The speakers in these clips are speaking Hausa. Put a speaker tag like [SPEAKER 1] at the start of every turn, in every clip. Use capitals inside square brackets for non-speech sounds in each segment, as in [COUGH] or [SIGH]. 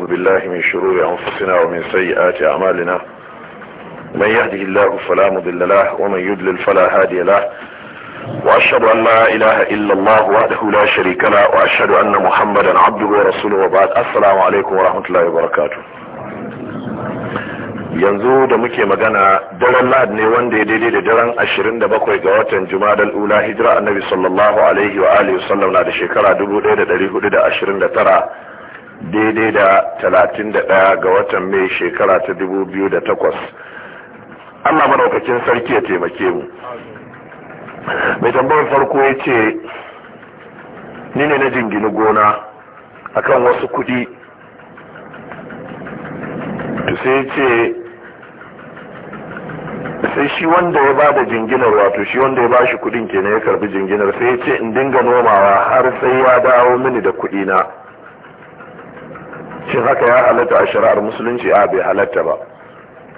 [SPEAKER 1] ونعوذ بالله من شرور أنفسنا ومن سيئات أعمالنا من يهده الله فلا مضل له ومن يضلل فلا هادي له وأشهد أن لا إله إلا الله وحده لا شريك له وأشهد أن محمدا عبده ورسوله وبعد السلام عليكم ورحمة الله وبركاته yanzu da muke magana daren lahad ne wanda ya daidai da daren 27 ga watan jumadal ula hijira annabi sallallahu alaihi wa alihi wasallam na da shekara 1429 daidai da talatin da 31 ga watan mai shekara ta da 2008 Allah maraukakin sarki ya taimake mu mai tambayar farko ya ce ni ne na jingini gona akan wasu kudi sai ce sai shi wanda ya bada jinginar wato shi wanda ya bashi kudin kenan ya karbi jinginar sai ya ce in dinga nomawa har sai ya dawo mini da kudina shin haka ya halatta a shari'ar musulunci a bai halatta ba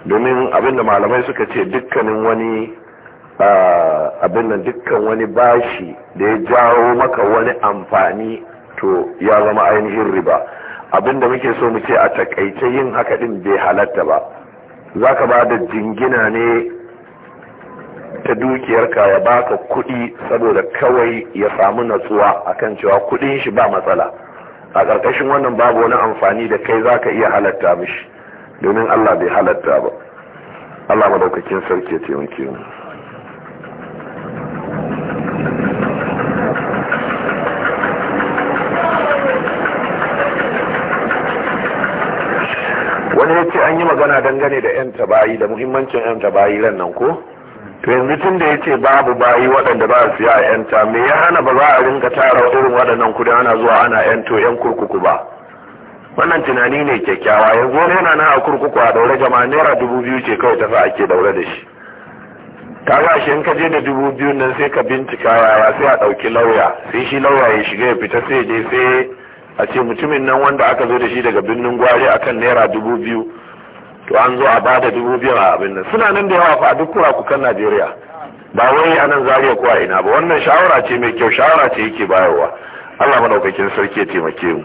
[SPEAKER 1] domin abinda malamai suka ce dukkanin wani abin dukkan wani bashi da ya jawo maka wani amfani to ya zama ainihin riba abinda muke so mu ce a takaice yin haka din bai halatta ba za ka ba da jingina ne ta dukiyarka ya baka kudi saboda kawai ya samu natsuwa akan cewa kudin shi ba matsala a ƙarƙashin wannan babu wani amfani da kai za ka iya halatta mishi domin Allah bai halatta ba Allah madaukakin sarki ya taimake mu wani ya ce an yi magana dangane da 'yan tabayi da muhimmancin 'yan tabayi ran nan ko to yanzu tun da yace babu bayi waɗanda ba su a yanta me ya hana ba za a rinka tara irin waɗannan kudin ana zuwa ana yanto yan kurkuku ba wannan tunani ne kyakkyawa yanzu wani yana nan a kurkuku a daure jama naira dubu biyu ce kawai tafi ake daure da shi ka ga shi in ka je da dubu biyu nan sai ka bincika yaya sai a ɗauki lauya sai shi lauya ya shiga ya fita sai je sai a ce mutumin nan wanda aka zo da shi daga birnin gwari akan naira dubu biyu to an zo a ba da dubu biyu a abin nan suna nan da yawa fa a duk kurakukan najeriya ba wai a nan zariya ko a ina ba wannan shawara ce mai kyau shawara ce yake bayarwa allah madaukakin sarki ya taimake mu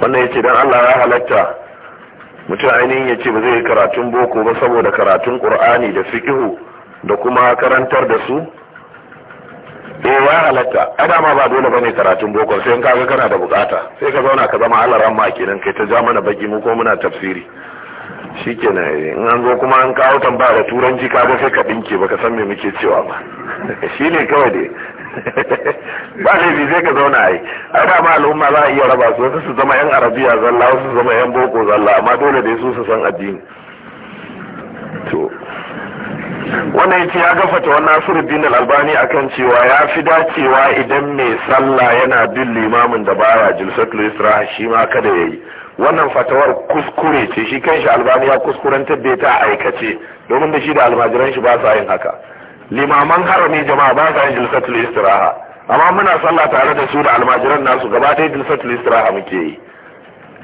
[SPEAKER 1] wannan yace dan allah ya halatta mutum ainihin ya ce ba zai yi karatun boko ba saboda karatun qur'ani da fiqhu da kuma karantar da su eh wa halatta a dama ba dole bane karatun boko sai in kaga kana da bukata sai ka zauna ka zama allah ramma kenan kai ta ja mana baki mu ko muna tafsiri shikenan eh, in an zo kuma an kawo tambaya da turanci ka ba sai ka dinke ka san me muke cewa ba [LAUGHS] shine kawai dai [LAUGHS] ba laifi sai ka zauna ai ai dama al'umma za a iya raba su wasu su zama yan arabiya zalla wasu su zama yan boko zalla amma dole dai su su san addini to wannan yace ya gafata wa nasiru Al-Albani akan cewa ya fi dacewa idan mai sallah yana bin limamin da baya jilsatul isra shi ma kada yayi wannan fatawar kuskure ce shi kanshi Albani ya kuskurantar da ta aikace domin da shi da almajiran shi ba sa yin haka limaman harami jama'a ba sa yin jilsatul istiraha amma muna sallah tare da su da almajiran nasu gaba ɗaya jilsatul istiraha muke yi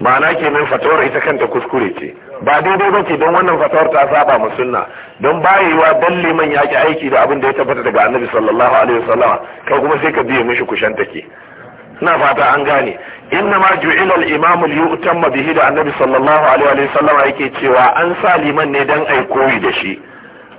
[SPEAKER 1] ma'ana kenan fatawar ita kanta kuskure ce ba daidai ba ce don wannan fatawar ta saba mu sunna don bayewa don liman ya ki aiki da abin da ya tabbata daga annabi sallallahu alaihi wasallama kai kuma sai ka biye mishi kushen take ina fata an gane inna ma ju'ila al-imam liyutamma bihi da annabi sallallahu alaihi wasallama yake cewa an sa liman ne dan ai koyi da shi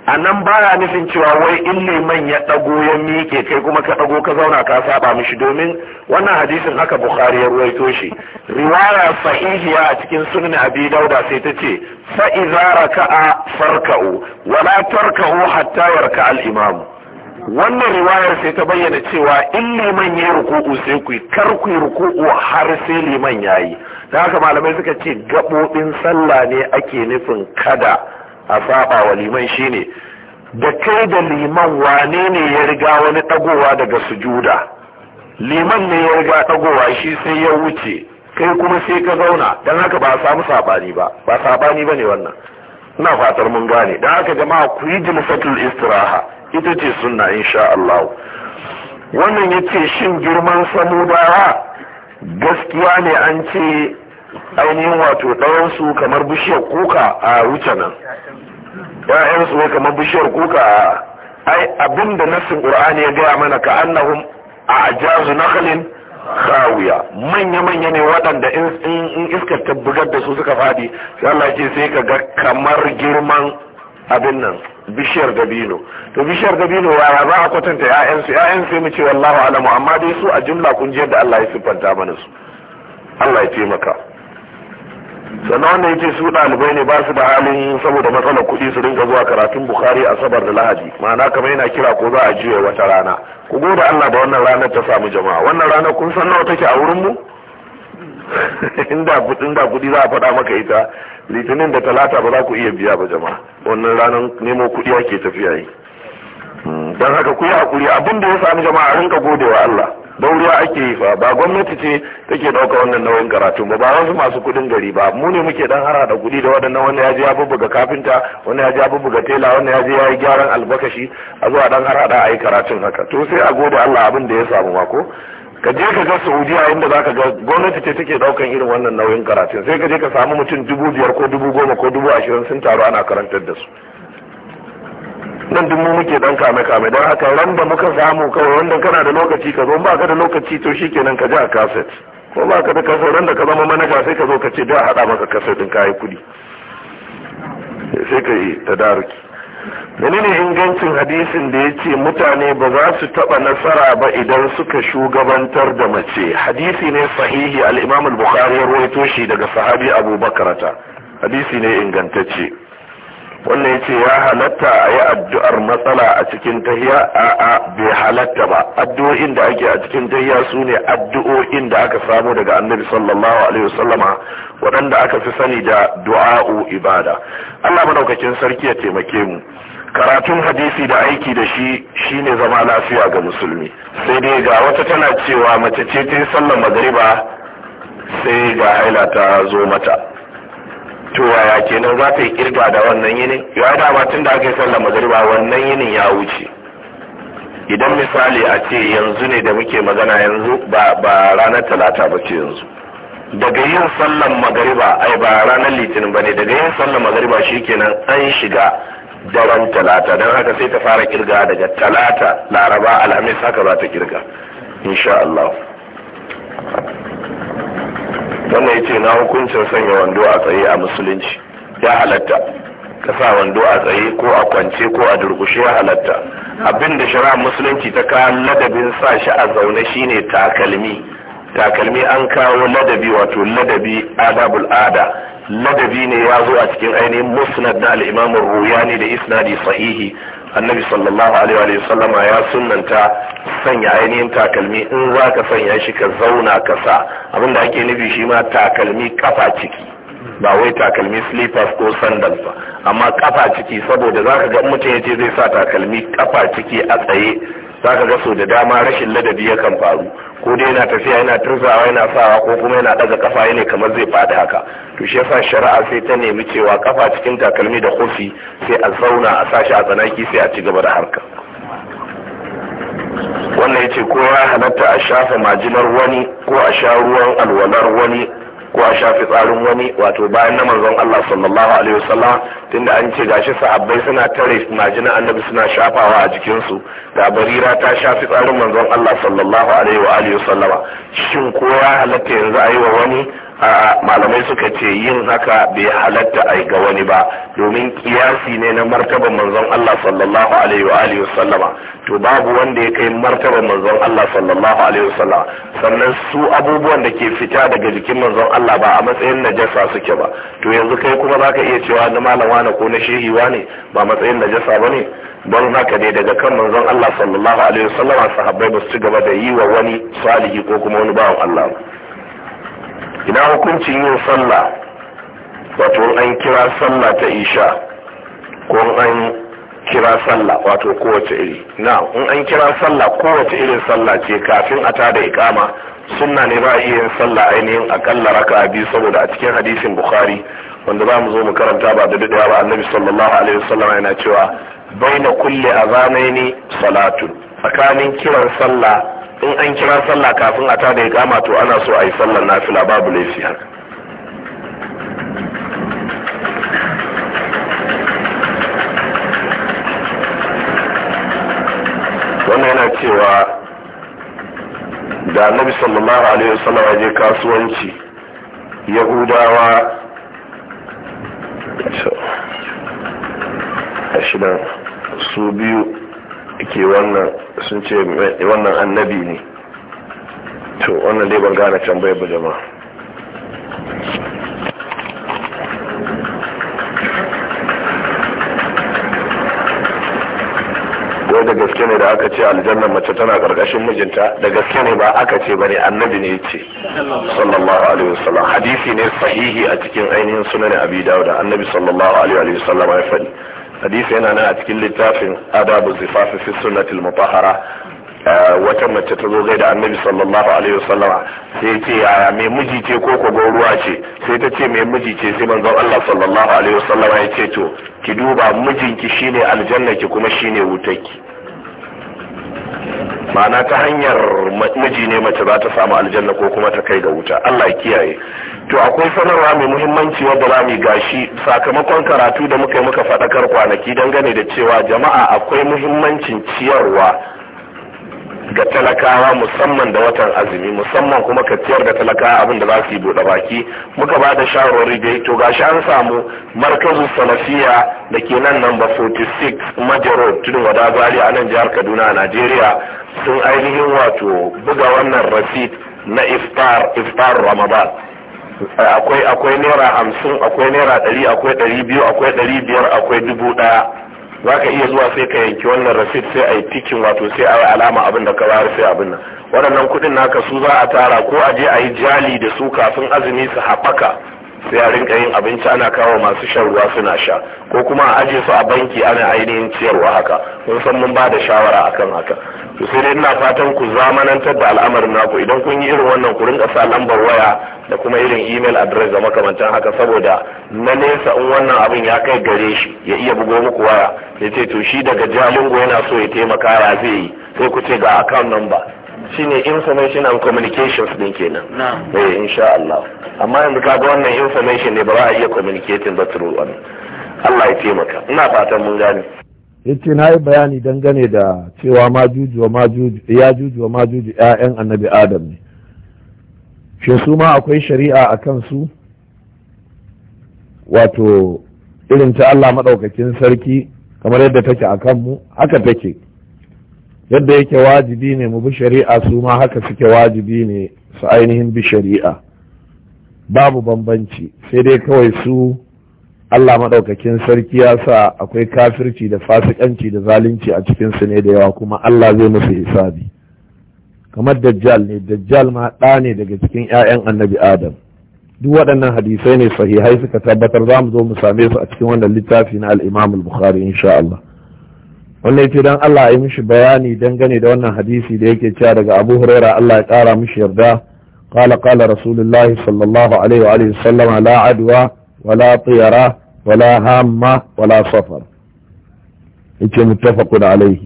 [SPEAKER 1] a nan baya nufin cewa wai in liman ya ɗago ya miƙe kai kuma ka ɗago ka zauna ka saba mishi domin wannan hadisin haka bukhari ya ruwaito shi riwaya sahihiya a cikin sunan abi dauda sai ta ce fa iza raka'a farka'u wala tarka'u hatta yarka al imam wannan riwayar sai ta bayyana cewa in liman ya ruku'u sai ku kar ku ruku'u har sai liman yayi da haka malamai suka ce gabobin sallah ne ake nufin kada a saba wa liman shine da kai da liman wane ne ya riga wani tagowa daga sujuda liman ne ya riga tagowa shi sai ya wuce kai kuma sai ka zauna don haka ba a samu sabani ba ba sabani ba ne wannan ina fatar mun gane don haka jama'a ku yi jilfatul istiraha ita ce sunna insha Allah wannan ce shin girman samudawa gaskiya ne an ce ainihin wato ɗawansu kamar bishiyar kuka a wuce nan ƴaƴansu ne kamar bishiyar kuka ai abin da nassin qur'ani ya gaya mana ka annahum a ajazu nakhlin khawiya manya manya ne waɗanda in iska ta bugar da su suka fadi sai Allah ce sai ka ga kamar girman abin nan bishiyar dabino to bishiyar dabino ya za a kwatanta ƴaƴansu ƴaƴan sai mu ce wallahu alamu amma dai su a jumla kun da Allah ya siffanta mana su Allah ya taimaka sannan wanda yake su ɗalibai ne ba su da halin saboda matsalar kuɗi su rinka zuwa karatun bukhari asabar da lahadi ma'ana kamar yana kira ko za a jiya wata rana ku gode allah da wannan ranar ta samu jama'a wannan ranar kun san nawa take a wurin mu [LAUGHS] inda kuɗi za a faɗa maka ita litinin da talata ba za ku iya biya ba jama'a wannan ranar nemo kuɗi ake tafiya yi hmm, don haka ku yi hakuri abin da ya sami jama'a rinka godewa allah dauriya ake yi fa ba gwamnati ce take ɗauka wannan nauyin karatu ba ba wasu masu kuɗin gari ba mu ne muke dan harada kudi kuɗi da waɗannan wani ya je ya bubbuga kafinta wani ya je ya bubbuga tela wani ya je ya yi gyaran albakashi a zuwa dan harada ayi a yi karatun haka to sai a gode Allah abin da ya samu ma ko ka je ka ga saudiya inda za ka ga gwamnati ce take daukan irin wannan nauyin karatu sai ka je ka samu mutum dubu biyar ko dubu goma ko dubu ashirin sun taru ana karantar da su nan duk mu muke dan kame kame don haka ramba muka samu kawai wanda kana da lokaci ka zo ba ka da lokaci to shikenan ka ji a kaset ko ba ka da kaset ran da ka zama manaja sai ka zo ka ce da hada maka kaset din kayi kudi sai ka yi tadaruki menene ingancin hadisin da ya ce mutane ba za su taba nasara ba idan suka shugabantar da mace hadisi ne sahihi al-imam al-bukhari ya rawaito shi daga sahabi abu bakrata hadisi ne ingantacce wannan yace ya halatta a yi addu'ar matsala a cikin tahiya a a bai halatta ba addu'o'in da ake a cikin tahiya su ne addu'o'in da aka samu daga annabi sallallahu alaihi wasallama waɗanda aka fi sani da du'a'u ibada Allah madaukakin sarki ya taimake mu karatun hadisi da aiki da shi shine zama lafiya ga musulmi sai dai ga wata tana cewa mace ce ta yi sallar magariba sai ga haila ta zo mata to waya kenan za ta yi kirga da wannan yini ya dama tun da aka yi sallar magariba wannan yinin ya wuce idan misali a ce yanzu ne da muke magana yanzu ba ranar talata ba ce yanzu daga yin sallar magariba ai ba ranar litinin ba ne daga yin sallar magariba shi kenan an shiga daren talata don haka sai ta fara kirga daga talata laraba alhamis haka za ta kirga insha Allah wannan ya ce na hukuncin sanya wando a tsaye a musulunci ya halatta ka sa wando a tsaye ko a kwance ko a durkushe ya halatta abin da shari'a musulunci ta kawo ladabin sa shi a zaune shine takalmi takalmi an kawo ladabi wato ladabi adabul ada ladabi ne ya zo a cikin ainihin musnad na al'imamin ruyani da isnadi sahihi annabi sallallahu alaihi wa sallama ya sunnanta sanya ainihin takalmi in za ka sanya shi ka zauna kasa sa abinda ake nufi shi ma takalmi kafa ciki ba wai takalmi slippers ko sandal ba amma kafa ciki saboda ka ga mutum ya ce zai sa takalmi kafa ciki a tsaye za ka ga sau da dama rashin ladabi ya kan faru ko dai yana tafiya yana turzawa yana sawa ko kuma yana ɗaga kafa yana kamar zai faɗi haka to shi yasa shari'a sai ta nemi cewa kafa cikin takalmi da kofi sai a zauna a sashi a tsanaki sai a ci gaba da harka wannan yace ko ya halatta a shafa majinar wani ko a sha ruwan alwalar wani ko a shafi tsarin wani wato bayan na manzon Allah sallallahu alaihi wasallam tunda an ce gashi sahabbai suna tare majinan annabi suna shafawa a jikin su da barira ta shafi tsarin manzon Allah sallallahu alaihi wa alihi wasallama shin ko ya halatta yanzu a yi wa wani malamai suka ce yin haka bai halatta yi ga wani ba domin kiyasi ne na martaban manzon Allah sallallahu alaihi wa alihi wasallama to babu wanda ya kai martaban manzon Allah sallallahu alaihi wasallama sannan su abubuwan da ke fita daga jikin manzon Allah ba a matsayin najasa suke ba to yanzu kai kuma zaka iya cewa na malama na ko na shehi ne ba matsayin najasa bane don haka ne daga kan manzon Allah sallallahu alaihi wasallama sahabbai ba su ci gaba da yi wa wani salihi ko kuma wani bawan Allah ba ina hukuncin yin sallah wato an kira sallah ta isha ko an kira sallah wato kowace iri na in an kira sallah kowace irin sallah ce kafin a tada ikama sunna ne ba iya yin sallah ainihin akalla raka biyu saboda a cikin hadisin bukhari wanda za mu zo mu karanta ba da daɗewa ba annabi sallallahu alaihi wasallam yana cewa baina kulli azanaini salatu tsakanin kiran sallah in an kira sallah kafin a tada ya kama to ana so a yi sallar nafila babu laifi haka wannan yana cewa da annabi sallallahu alaihi wasallam ya je kasuwanci yahudawa su biyu ke wannan sun ce wannan annabi ne to wannan dai ban gane tambayar ba jama'a wai da gaske ne da aka ce aljannan mace tana karkashin mijinta da gaske ne ba aka ce bane annabi ne ce sallallahu alaihi wasallam hadisi ne sahihi a cikin ainihin sunan abi dauda annabi sallallahu alaihi wasallam ya faɗi hadisi yana nan a cikin littafin adabu zifafi fi sunnatil mutahara eh, wata mace ta zo da annabi sallallahu alaihi wasallama sai ce yaya mai miji ce ko ko ruwa ce sai ta ce mai miji ce sai manzon Allah sallallahu alaihi wasallama ya ce to ki duba mijinki shine aljanna ki kuma shine wutarki ma'ana ta hanyar miji ne mace za ta samu aljanna ko kuma ta kai ga wuta Allah ya kiyaye to akwai sanarwa mai muhimmanci wadda za mu gashi sakamakon karatu da muka yi muka faɗakar kwanaki dangane da cewa jama'a akwai muhimmancin ciyarwa ga talakawa musamman da watan azumi musamman kuma ka ciyar da talakawa abin da za su yi buɗe baki muka ba da shawarwari dai to gashi an samu markazu salafiya da ke nan namba 46 majaro tudun wada zari a nan jihar kaduna a nigeria sun ainihin wato buga wannan rasit na iftar iftar ramadan akwai akwai naira hamsin akwai naira ɗari akwai ɗari biyu akwai ɗari biyar akwai dubu ɗaya za ka iya zuwa sai ka yanki wannan rasit sai a yi tikin wato sai a alama abin da ka bayar sai abin nan waɗannan kuɗin naka su za a tara ko a je a yi jali da su kafin azumi su haɓaka sai a rinka yin abinci ana kawo masu shan ruwa suna sha ko kuma a aje su a banki ana ainihin ciyarwa haka mun san mun ba da shawara akan haka to sai dai ina fatan ku zamanantar da al'amarin naku idan kun yi irin wannan ku rinka sa lambar waya da kuma irin email address da makamantan haka saboda na nesa in wannan abin ya kai gare shi ya iya bugo muku waya ya ce to shi daga jalingo yana so ya taimaka ya zai yi sai ku ce ga account number shine information and communications din kenan eh insha Allah amma yanzu kaga wannan information ne ba za a iya communicating ba through wani Allah ya taimaka ina fatan mun gane yace na yi bayani dangane da cewa majuju ya juju wa majuju ƴaƴan annabi adam ne shi su ma akwai shari'a a kansu wato irin ta Allah maɗaukakin sarki kamar yadda take a kanmu haka take yadda yake wajibi ne mu bi shari'a su ma haka suke wajibi ne su ainihin bi shari'a babu bambanci sai dai kawai su Allah maɗaukakin sarki ya sa akwai kafirci da fasikanci da zalunci a cikin su ne da yawa kuma Allah zai musu hisabi kamar dajjal ne dajjal ma ɗa ne daga cikin 'ya'yan annabi adam duk waɗannan hadisai ne sahihai suka tabbatar za mu zo mu same su a cikin wannan littafi na al-Imam bukhari insha Allah wannan yace dan Allah ya yi mishi bayani dangane da wannan hadisi da yake cewa daga Abu Huraira Allah ya kara mishi yarda قال قال رسول الله صلى الله عليه وآله وسلم لا عدوى ولا طيرة ولا هامة ولا سفر يتي متفق عليه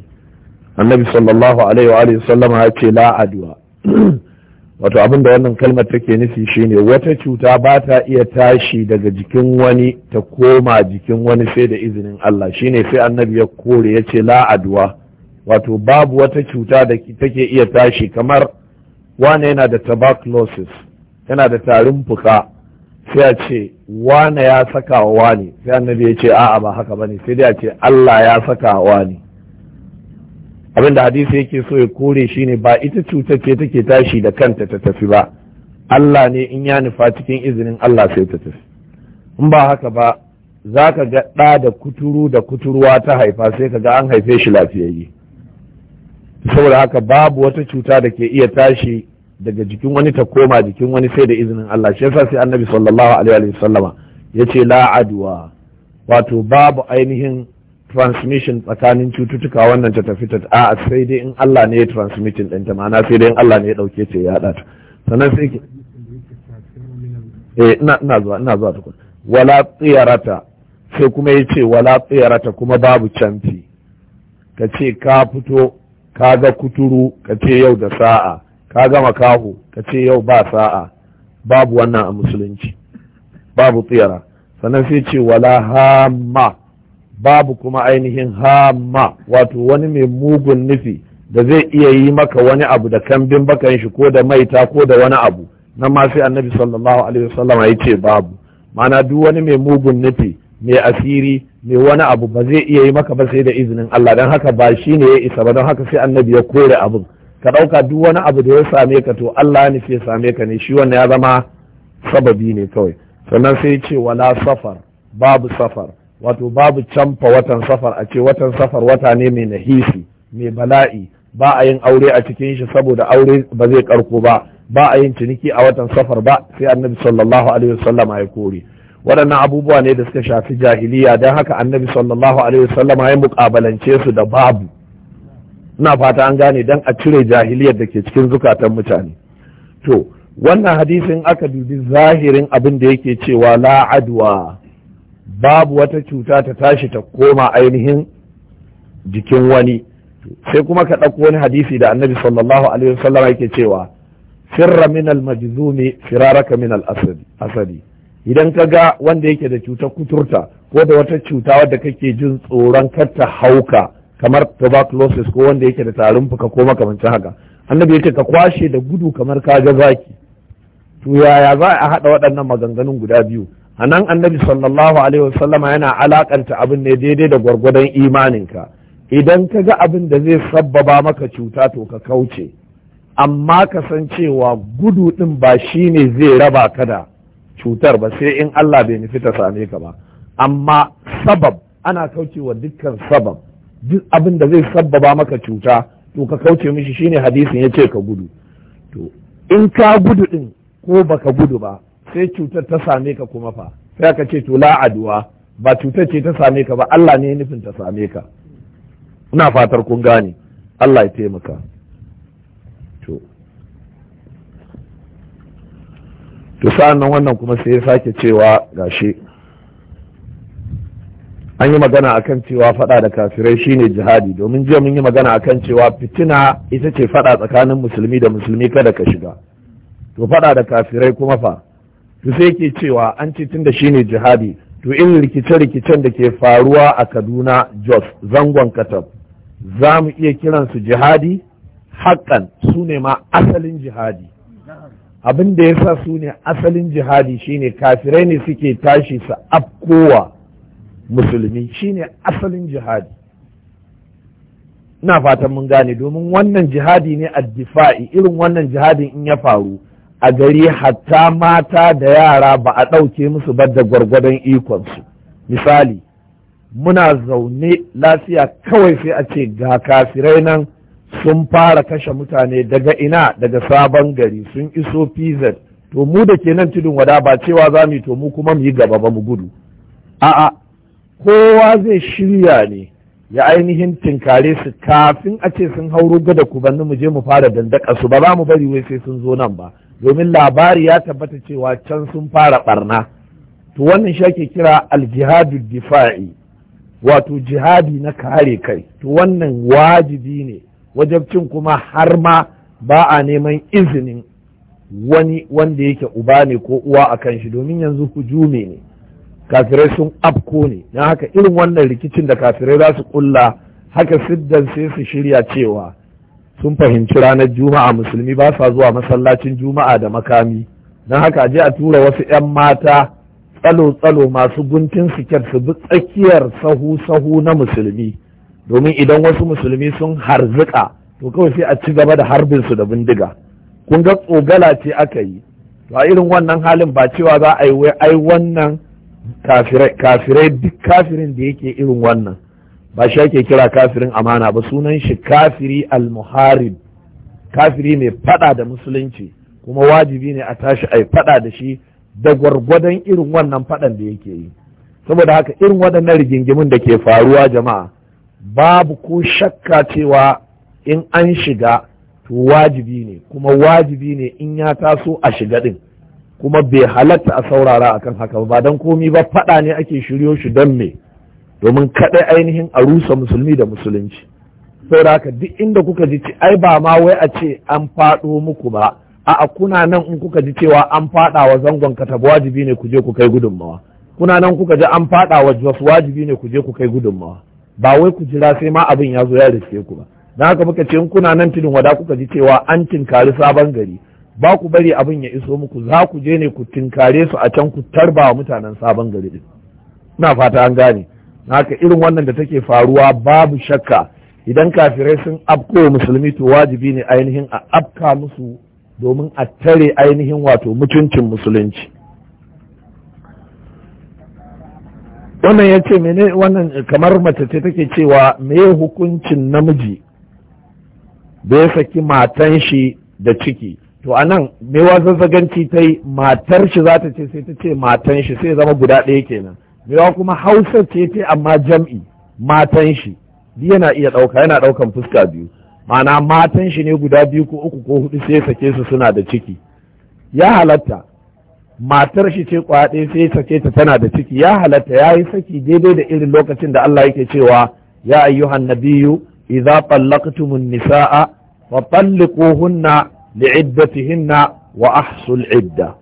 [SPEAKER 1] النبي صلى الله عليه وآله وسلم يتي لا عدوى wato abin da wannan kalmar take nufi shine wata cuta ba ta iya tashi daga jikin wani ta koma jikin wani sai da izinin Allah shine sai annabi ya kore ya ce la'aduwa wato babu wata cuta da take iya tashi kamar wane yana da tuberculosis yana da tarin fuka sai a ce wane ya saka wa wane sai annabi ya ce a'a ba haka bane sai dai a ce Allah ya saka wa wane abinda hadisi yake so ya kore shi ne ba ita cutar ce take tashi da kanta ta tafi ba Allah ne in ya nufa cikin izinin Allah sai ta tafi in ba haka ba za ka ga ɗa da kuturu da kuturuwa ta haifa sai ka ga an haife shi lafiyayye saboda haka babu wata cuta da ke iya tashi daga jikin wani ta koma jikin wani sai da izinin Allah shi yasa sai annabi sallallahu alaihi wa sallama yace la adwa wato babu ainihin transmission tsakanin cututtuka wannan ta tafi ta a sai dai in Allah ne ya transmitting din ta ma'ana sai dai in Allah ne ya dauke ta ya hada ta sannan sai ke eh ina ina zuwa ina zuwa tukun wala tsiyarata sai kuma yace wala tsiyarata kuma babu canfi ka ce ka fito ka ga kuturu ka ce yau da sa'a ka ga makaho ka ce yau ba sa'a babu wannan a musulunci babu tsiyara sannan sai ce wala hamma babu kuma ainihin hama wato wani mai mugun nufi da zai iya yi maka wani abu da kambin bakan shi ko da maita ko da wani abu nan ma sai annabi sallallahu alaihi wasallam ya ce babu mana duk wani mai mugun nufi mai asiri mai wani abu ba zai iya yi maka ba sai da izinin Allah dan haka ba shi ne ya isa ba dan haka sai annabi ya kore abin ka ɗauka duk wani abu da ya same ka to Allah ne ya same ka ne shi wannan ya zama sababi ne kawai sannan sai ce wala safar babu safar wato babu canfa watan safar a ce watan safar wata ne mai nahisi mai bala'i ba a yin aure a cikin shi saboda aure ba zai karko ba ba a yin ciniki a watan safar ba sai annabi sallallahu alaihi wasallam ya kore waɗannan abubuwa ne da suka shafi jahiliya don haka annabi sallallahu alaihi wasallam ya mukabalance su da babu ina fata an gane don a cire jahiliyar da ke cikin zukatan mutane to wannan hadisin aka dubi zahirin abin da yake cewa la adwa babu wata cuta ta tashi ta koma ainihin jikin wani sai kuma ka ɗauko wani hadisi da annabi sallallahu alaihi wasallam yake cewa firra min al-majzumi firaraka min al-asadi idan ka ga wanda yake da cutar kuturta ko da wata cuta wadda kake jin tsoron kar ta hauka kamar tuberculosis ko wanda yake da tarin fuka ko makamancin haka annabi yake ka kwashe da gudu kamar ka ga zaki to yaya za a haɗa waɗannan maganganun guda biyu a nan annabi sallallahu alaihi wasallama yana alakanta abin ne daidai da gwargwadon imaninka idan ka ga abin da zai sabbaba maka cuta to ka kauce amma ka san cewa gudu ɗin ba shi ne zai raba ka da cutar ba sai in Allah bai nufi ta same ka ba amma sabab ana kaucewa dukkan sabab duk abin da zai sabbaba maka cuta to ka kauce mishi shine hadisin ya ce ka gudu to in ka gudu ɗin ko baka gudu ba sai cutar ta same ka kuma fa sai aka ce to la ba cutar ce ta same ka ba Allah ne nufin ta same ka ina fatar kun gane Allah ya taimaka to to sa'an nan wannan kuma sai ya sake cewa gashi an yi magana akan cewa fada da kafirai shine jihadi domin jiya mun yi magana akan cewa fitina ita ce fada tsakanin musulmi da musulmi kada ka shiga to fada da kafirai kuma fa to sai ke cewa an ce tunda shine jihadi to in rikice-rikicen da ke faruwa a kaduna jos zangon katab za mu iya kiransu jihadi haƙƙan su ne ma asalin jihadi abin da ya sa su ne asalin jihadi shine kafirai ne suke tashi su afkowa musulmi shine asalin jihadi ina fatan mun gane domin wannan jihadi ne a difa'i irin wannan jihadin in ya faru a gari hatta mata da yara ba a ɗauke musu ba da gwargwadon ikonsu misali muna zaune lafiya kawai sai a ce ga kafirai nan sun fara kashe mutane daga ina daga sabon gari sun iso pz to mu da ke nan tudun wada ba cewa za mu yi to mu kuma mu yi gaba ba mu gudu a'a kowa zai shirya ne ya ainihin tinkare su kafin a ce sun hauro gada kubanni mu je mu fara dandaka su ba za mu bari wai sai sun zo nan ba domin labari ya tabbata cewa can sun fara barna to wannan shi ake kira aljihadu difa'i wato jihadi na kare kai to wannan wajibi ne wajabcin kuma har ma ba a neman izinin wani wanda yake uba ne ko uwa a kan shi domin yanzu hujume ne kafirai sun afko ne don haka irin wannan rikicin da kafirai za su kulla haka siddan sai su shirya cewa sun fahimci ranar juma'a musulmi ba sa zuwa masallacin juma'a da makami don haka je a tura wasu 'yan mata tsalo-tsalo masu guntun siket su bi tsakiyar sahu-sahu na musulmi domin idan wasu musulmi sun harzika to kawai sai a ci gaba da harbin su da bindiga kun ga tsogala ce aka yi to a irin wannan halin ba cewa za a yi ai wannan kafirai duk kafirin da yake irin wannan ba shi ake kira kafirin amana ba sunan shi kafiri al-muharib kafiri mai fada da musulunci kuma wajibi ne a tashi a fada da shi da gwargwadon irin wannan fadan da yake yi saboda haka irin waɗannan rigingimin da ke faruwa jama'a babu ko shakka cewa in an shiga to wajibi ne kuma wajibi ne in ya taso a shiga din kuma bai halatta a saurara akan haka ba don komi ba fada ne ake shiryo shi don me domin kaɗai ainihin a rusa musulmi da musulunci saboda haka duk inda kuka ji ai ba ma wai a ce an faɗo muku ba a kuna nan in kuka ji cewa an faɗa wa zangon katab wajibi ne ku je ku kai gudunmawa kuna nan kuka ji an faɗa wa jos wajibi ne ku je ku kai gudunmawa ba wai ku jira sai ma abin ya zo ya riske ku ba Na haka muka ce in kuna nan tudun wada kuka ji cewa an tinkari sabon gari ba ku bari abin ya iso muku za ku je ne ku tinkare su a can ku tarbawa mutanen sabon gari din ina fata an gane haka irin wannan da take faruwa babu shakka idan kafirai sun afko musulmi to wajibi ne ainihin a afka musu domin a tare ainihin wato mutuncin musulunci wannan ya ce mene wannan kamar mace ce take cewa me hukuncin namiji da ya saki matan shi da ciki to a nan mewa zazzaganci ta yi matar shi za ta ce sai ta ce matan shi sai zama guda ɗaya kenan yawa kuma hausa ce ce amma jam'i matan shi yana iya ɗauka yana ɗaukan fuska biyu ma'ana matan shi ne guda biyu ko uku ko hudu sai sake su suna da ciki ya halatta matar shi ce kwaɗe sai sake ta tana da ciki ya halatta ya yi saki daidai da irin lokacin da Allah yake cewa ya ayyuhan nabiyyu idza tallaqtumun nisaa fa talliquhunna li'iddatihinna wa ahsul iddah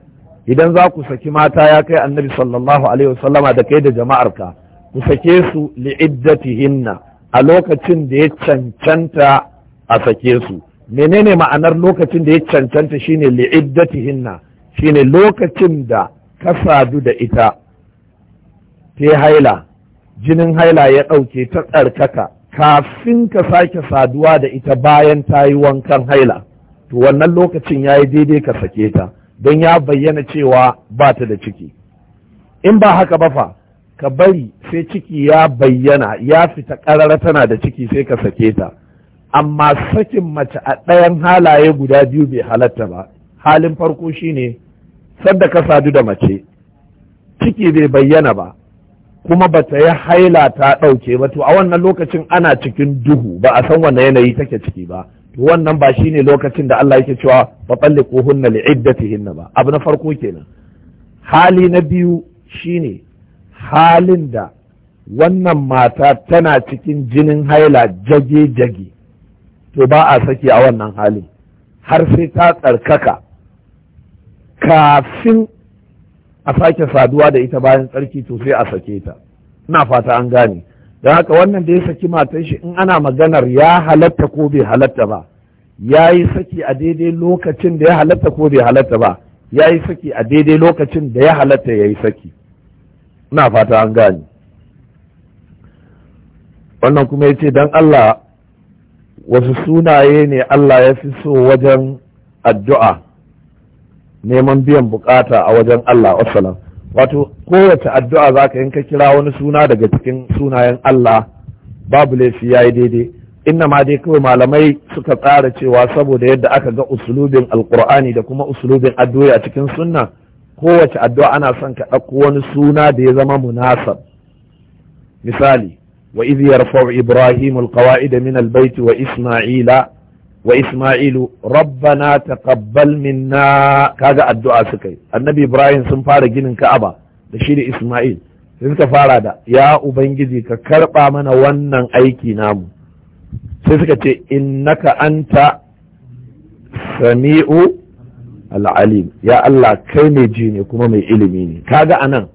[SPEAKER 1] idan za ku saki mata ya kai annabi sallallahu alaihi wasallama da kai da jama'arka ku sake su li'iddatihinna a lokacin da ya cancanta a sake su menene ma'anar lokacin da ya cancanta shine li'iddatihinna shine lokacin da ka sadu da ita ta haila jinin haila ya ɗauke ta tsarkaka kafin ka sake saduwa da ita bayan ta yi wankan haila to wannan lokacin ya yi daidai ka sake ta don ya bayyana cewa ba ta da ciki in ba haka ba fa ka bari sai ciki ya bayyana ya fita ƙarara tana da ciki sai ka sake ta amma sakin mace a ɗayan halaye guda biyu bai halatta ba halin farko shine sadda ka sadu da mace ciki bai bayyana ba kuma ba ta yi haila ta ɗauke ba to a wannan lokacin ana cikin duhu ba a san wanne yanayi take ciki ba wannan ba shi ne lokacin da Allah yake cewa fa talliquhunna li'iddatihinna ba abu na farko kenan hali na biyu shine halin da wannan mata tana cikin jinin haila jage jage to ba a saki a wannan hali har sai ta tsarkaka kafin a sake saduwa da ita bayan tsarki to sai a sake ta ina fata an gane don haka wannan da ya saki matan shi in ana maganar ya halatta ko bai halatta ba ya yi saki a daidai lokacin da ya halatta ko bai halatta ba ya yi saki a daidai lokacin da ya halatta ya yi saki ina fata an gani wannan kuma ya ce don Allah wasu sunaye ne Allah ya fi so wajen addu'a neman biyan bukata a wajen Allah wasu wato kowace addu'a za ka ka kira wani suna daga cikin sunayen Allah babu laifi ya yi daidai inna ma dai kawai malamai suka tsara cewa saboda yadda aka ga usulubin alqur'ani da kuma usulubin addu'a a cikin sunna kowace addu'a ana son ka ɗauko wani suna da ya zama munasab misali wa idh yarfa'u ibrahim alqawa'ida min albayt wa isma'ila wa Ismailu rabbana taqabbal minna kaga addu'a suka yi annabi Ibrahim sun fara ginin Ka'aba da shi da Ismail sai suka fara da ya ubangiji ka karba mana wannan aiki namu sai suka ce innaka anta sami'u al'alim ya Allah kai ne ji ne kuma mai ilimi ne kaga anan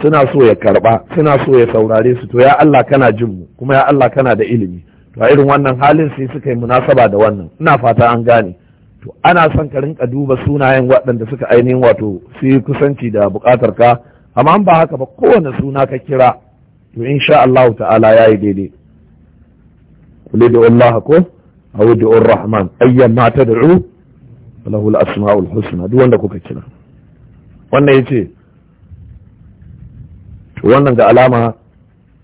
[SPEAKER 1] suna so ya karba suna so ya saurare su to ya Allah kana jin mu kuma ya Allah kana da ilimi to a irin wannan halin sai suka yi munasaba da wannan ina fata an gane to ana son ka rinka duba sunayen waɗanda suka ainihin wato su yi kusanci da buƙatar ka amma ba haka ba kowane suna ka kira to sha Allah ta'ala yi daidai kuli da Allah ko aw da Rahman ayyan ma tad'u lahu al-asma'ul husna duk wanda kuka kira wannan yace to wannan ga alama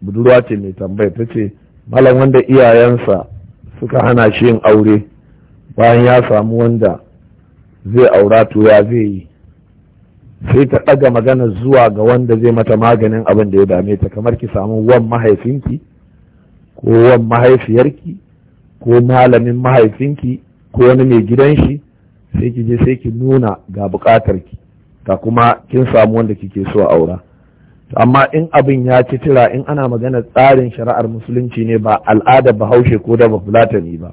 [SPEAKER 1] budurwa ce mai tambaya tace malam wanda iyayensa suka hana shi yin aure bayan ya samu wanda zai aura to ya zai yi sai ta ɗaga magana zuwa ga wanda zai mata maganin abin da ya dame ta kamar ki samu wan mahaifinki ko wan mahaifiyarki ko malamin mahaifinki ko wani mai gidan shi sai ki je sai ki nuna ga bukatarki ga kuma kin samu wanda kike so aura amma in abin ya ci tira in ana magana tsarin shari'ar musulunci ne ba al'adar bahaushe ko da ba bafulatani ba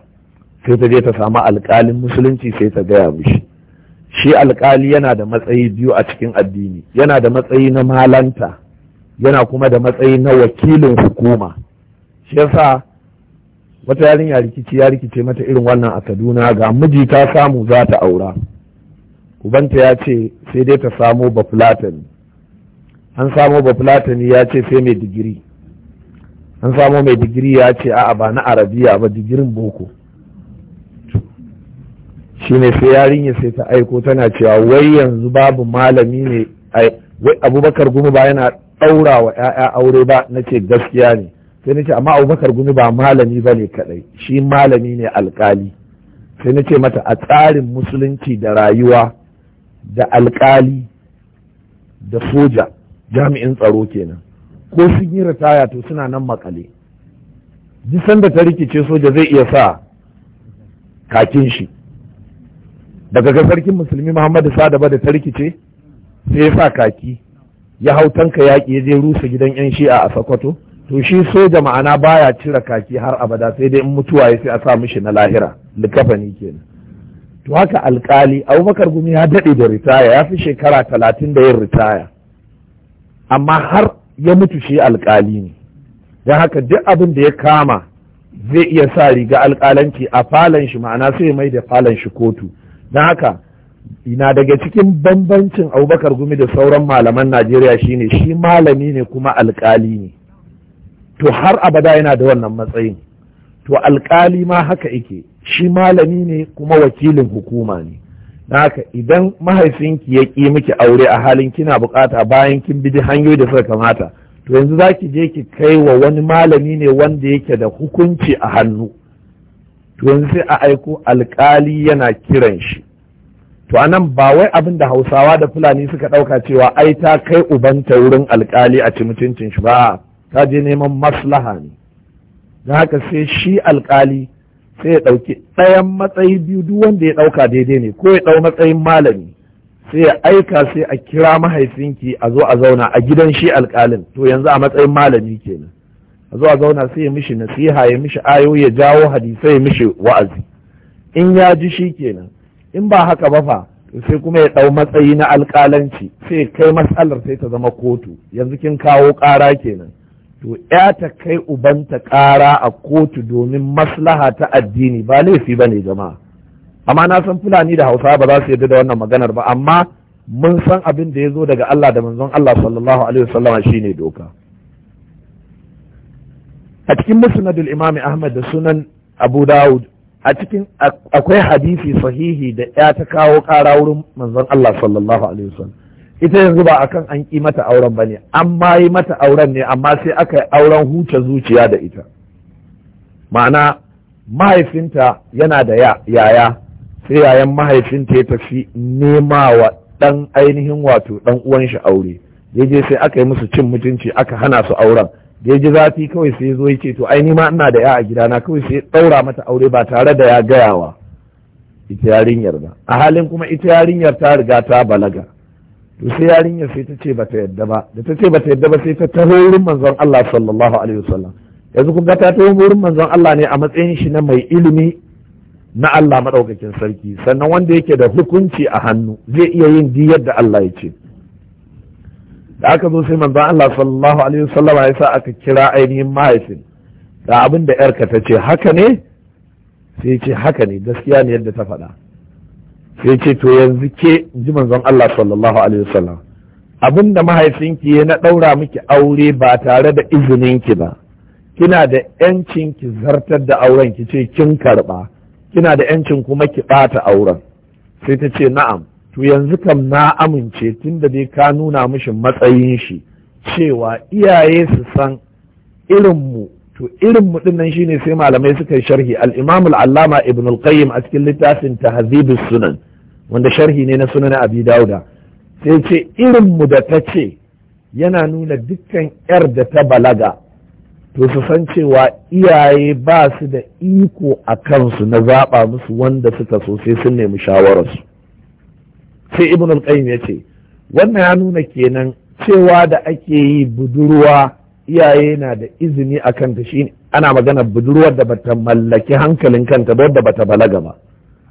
[SPEAKER 1] sai ta je ta samu alkalin musulunci sai ta gaya mishi shi alkali yana da matsayi biyu a cikin addini yana da matsayi na malanta yana kuma da matsayi na wakilin hukuma shi yasa wata yarinya rikici ya rikice mata irin wannan a kaduna ga miji ta samu za ta aura ubanta ya ce sai dai ta samo bafulatani an samo bafulatani ya ce sai mai digiri an samo mai digiri ya ce a'a ba na arabiya ba digirin boko Shi ne sai yarinya sai ta aiko tana cewa wai yanzu babu malami ne wai abubakar gumi ba yana daura wa 'ya'ya aure ba na ce gaskiya ne sai na ce amma abubakar gumi ba malami ba ne kaɗai shi malami ne alkali sai na ce mata a tsarin musulunci da rayuwa da alkali da soja jami'in tsaro kenan ko sun yi ritaya to suna nan makale duk sanda ta rikice soja zai iya sa kakin shi daga ga sarkin musulmi muhammadu sadaba da ta rikice sai ya sa kaki ya hau tanka yaki ya je rusa gidan yan shi'a a sokoto to shi soja ma'ana baya cire kaki har abada sai dai in mutuwa ya sai a sa mishi na lahira likafani kenan to haka alkali abubakar gumi ya daɗe da ritaya ya fi shekara talatin da yin ritaya amma har ya mutu shi alkali ne don haka duk abin da ya kama zai iya sa riga alkalanci a falon shi ma'ana sai mai da falon shi kotu don haka na daga cikin bambancin abubakar gumi da sauran malaman najeriya shine shi malami ne kuma alkali ne to har abada yana da wannan matsayin to alkali ma haka ike shi malami ne kuma wakilin hukuma ne Na haka idan mahaifinki ya ƙi miki aure a halin kina bukata bayan kin bi hanyoyi da suka kamata to yanzu za ki je ki kai wa wani malami ne wanda yake da hukunci a hannu to yanzu sai a aiko alkali yana kiran shi to anan ba wai abin da hausawa da fulani suka ɗauka cewa ai ta kai ubanta wurin alkali a ci mutuncin shi ba ta je neman maslaha ne don haka sai shi alkali sai ya ɗauki ɗayan matsayi biyu duk wanda ya ɗauka daidai ne ko ya ɗau matsayin malami sai ya aika sai a kira mahaifinki a zo a zauna a gidan shi alƙalin to yanzu a matsayin malami kenan a zo a zauna sai ya mishi nasiha ya mishi ayo ya jawo hadisai ya mishi wa'azi in ya ji shi kenan in ba haka ba fa sai kuma ya ɗau matsayi na alƙalanci sai kai matsalar sai ta zama kotu yanzu kin kawo ƙara kenan to ya ta kai ubanta ƙara a kotu domin maslaha ta addini ba laifi ba ne jama'a amma na san fulani da hausa ba za su yarda da wannan maganar ba amma mun san abin da ya zo daga Allah da manzon Allah sallallahu alaihi wasallama shine doka a cikin musnadul imami ahmad da sunan abu dawud a cikin akwai hadisi sahihi da ya ta kawo ƙara wurin manzon Allah sallallahu alaihi wasallam ita yanzu ba akan an ƙi mata auren ba ne an ma yi mata auren ne amma sai aka yi auren huce zuciya da ita ma'ana mahaifinta yana da yaya sai yayan mahaifinta ya tafi nema wa ɗan ainihin wato ɗan uwan shi aure daidai sai aka yi musu cin mutunci aka hana su auren daidai zafi kawai sai zo ya ce to ai nima ina da ya a gidana kawai sai ɗaura mata aure ba tare da ya gayawa ita yarinyar ba a halin kuma ita yarinyar ta riga ta balaga to sai yarinya sai ta ce ba ta yadda ba da ta ce ba ta yadda ba sai ta taho wurin manzon Allah sallallahu alaihi wasallam yanzu kun ga ta taho wurin manzon Allah ne a matsayin shi na mai ilimi na Allah madaukakin sarki sannan wanda yake da hukunci a hannu zai iya yin diyar da Allah ya ce da aka zo sai manzon Allah sallallahu alaihi wasallam ya sa aka kira ainihin mahaifin da abin da yarka ta ce haka ne sai ce haka ne gaskiya ne yadda ta faɗa ya ce to yanzu ke ji manzon Allah sallallahu alaihi wasallam abin da mahaifinki ya na ɗaura miki aure ba tare da izininki ba kina da yancin ki zartar da auren ki ce kin karɓa kina da yancin kuma ki ɓata auren sai ta ce na'am to yanzu kam na amince tunda dai ka nuna mishi matsayin shi cewa iyaye su san mu. to irin mu dinnan shine sai malamai suka sharhi al imamul allama Ibn al-Qayyim a cikin littafin Tahdhibus Sunan wanda sharhi ne na sunan abi dauda sai ce irin mu da ta ce yana nuna dukkan yar da ta balaga to su san cewa iyaye ba su da iko a kansu na zaɓa musu wanda suka so sai sun nemi shawararsu sai ibn al-qayyim ya ce wannan ya nuna kenan cewa da ake yi budurwa iyaye na da izini a kanta shi ana magana budurwar da bata mallaki hankalin kanta ba wadda bata balaga ba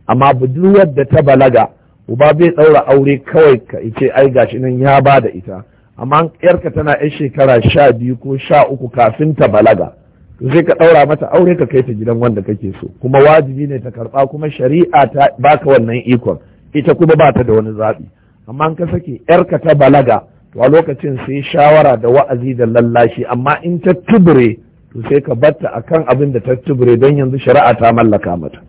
[SPEAKER 1] amma budurwar da ta balaga uba bai ɗaura aure kawai ka ce ai gashi nan ya ba da ita amma yarka tana yan shekara sha biyu ko sha uku kafin ta balaga to sai ka ɗaura mata aure ka kai ta gidan wanda kake so kuma wajibi ne ta karɓa kuma shari'a ta baka wannan ikon ita kuma ba ta da wani zaɓi amma ka sake yarka ta balaga to a lokacin sai shawara da wa'azi da lallashi amma in ta tubure to sai ka batta akan abin da ta tubure don yanzu shari'a ta mallaka mata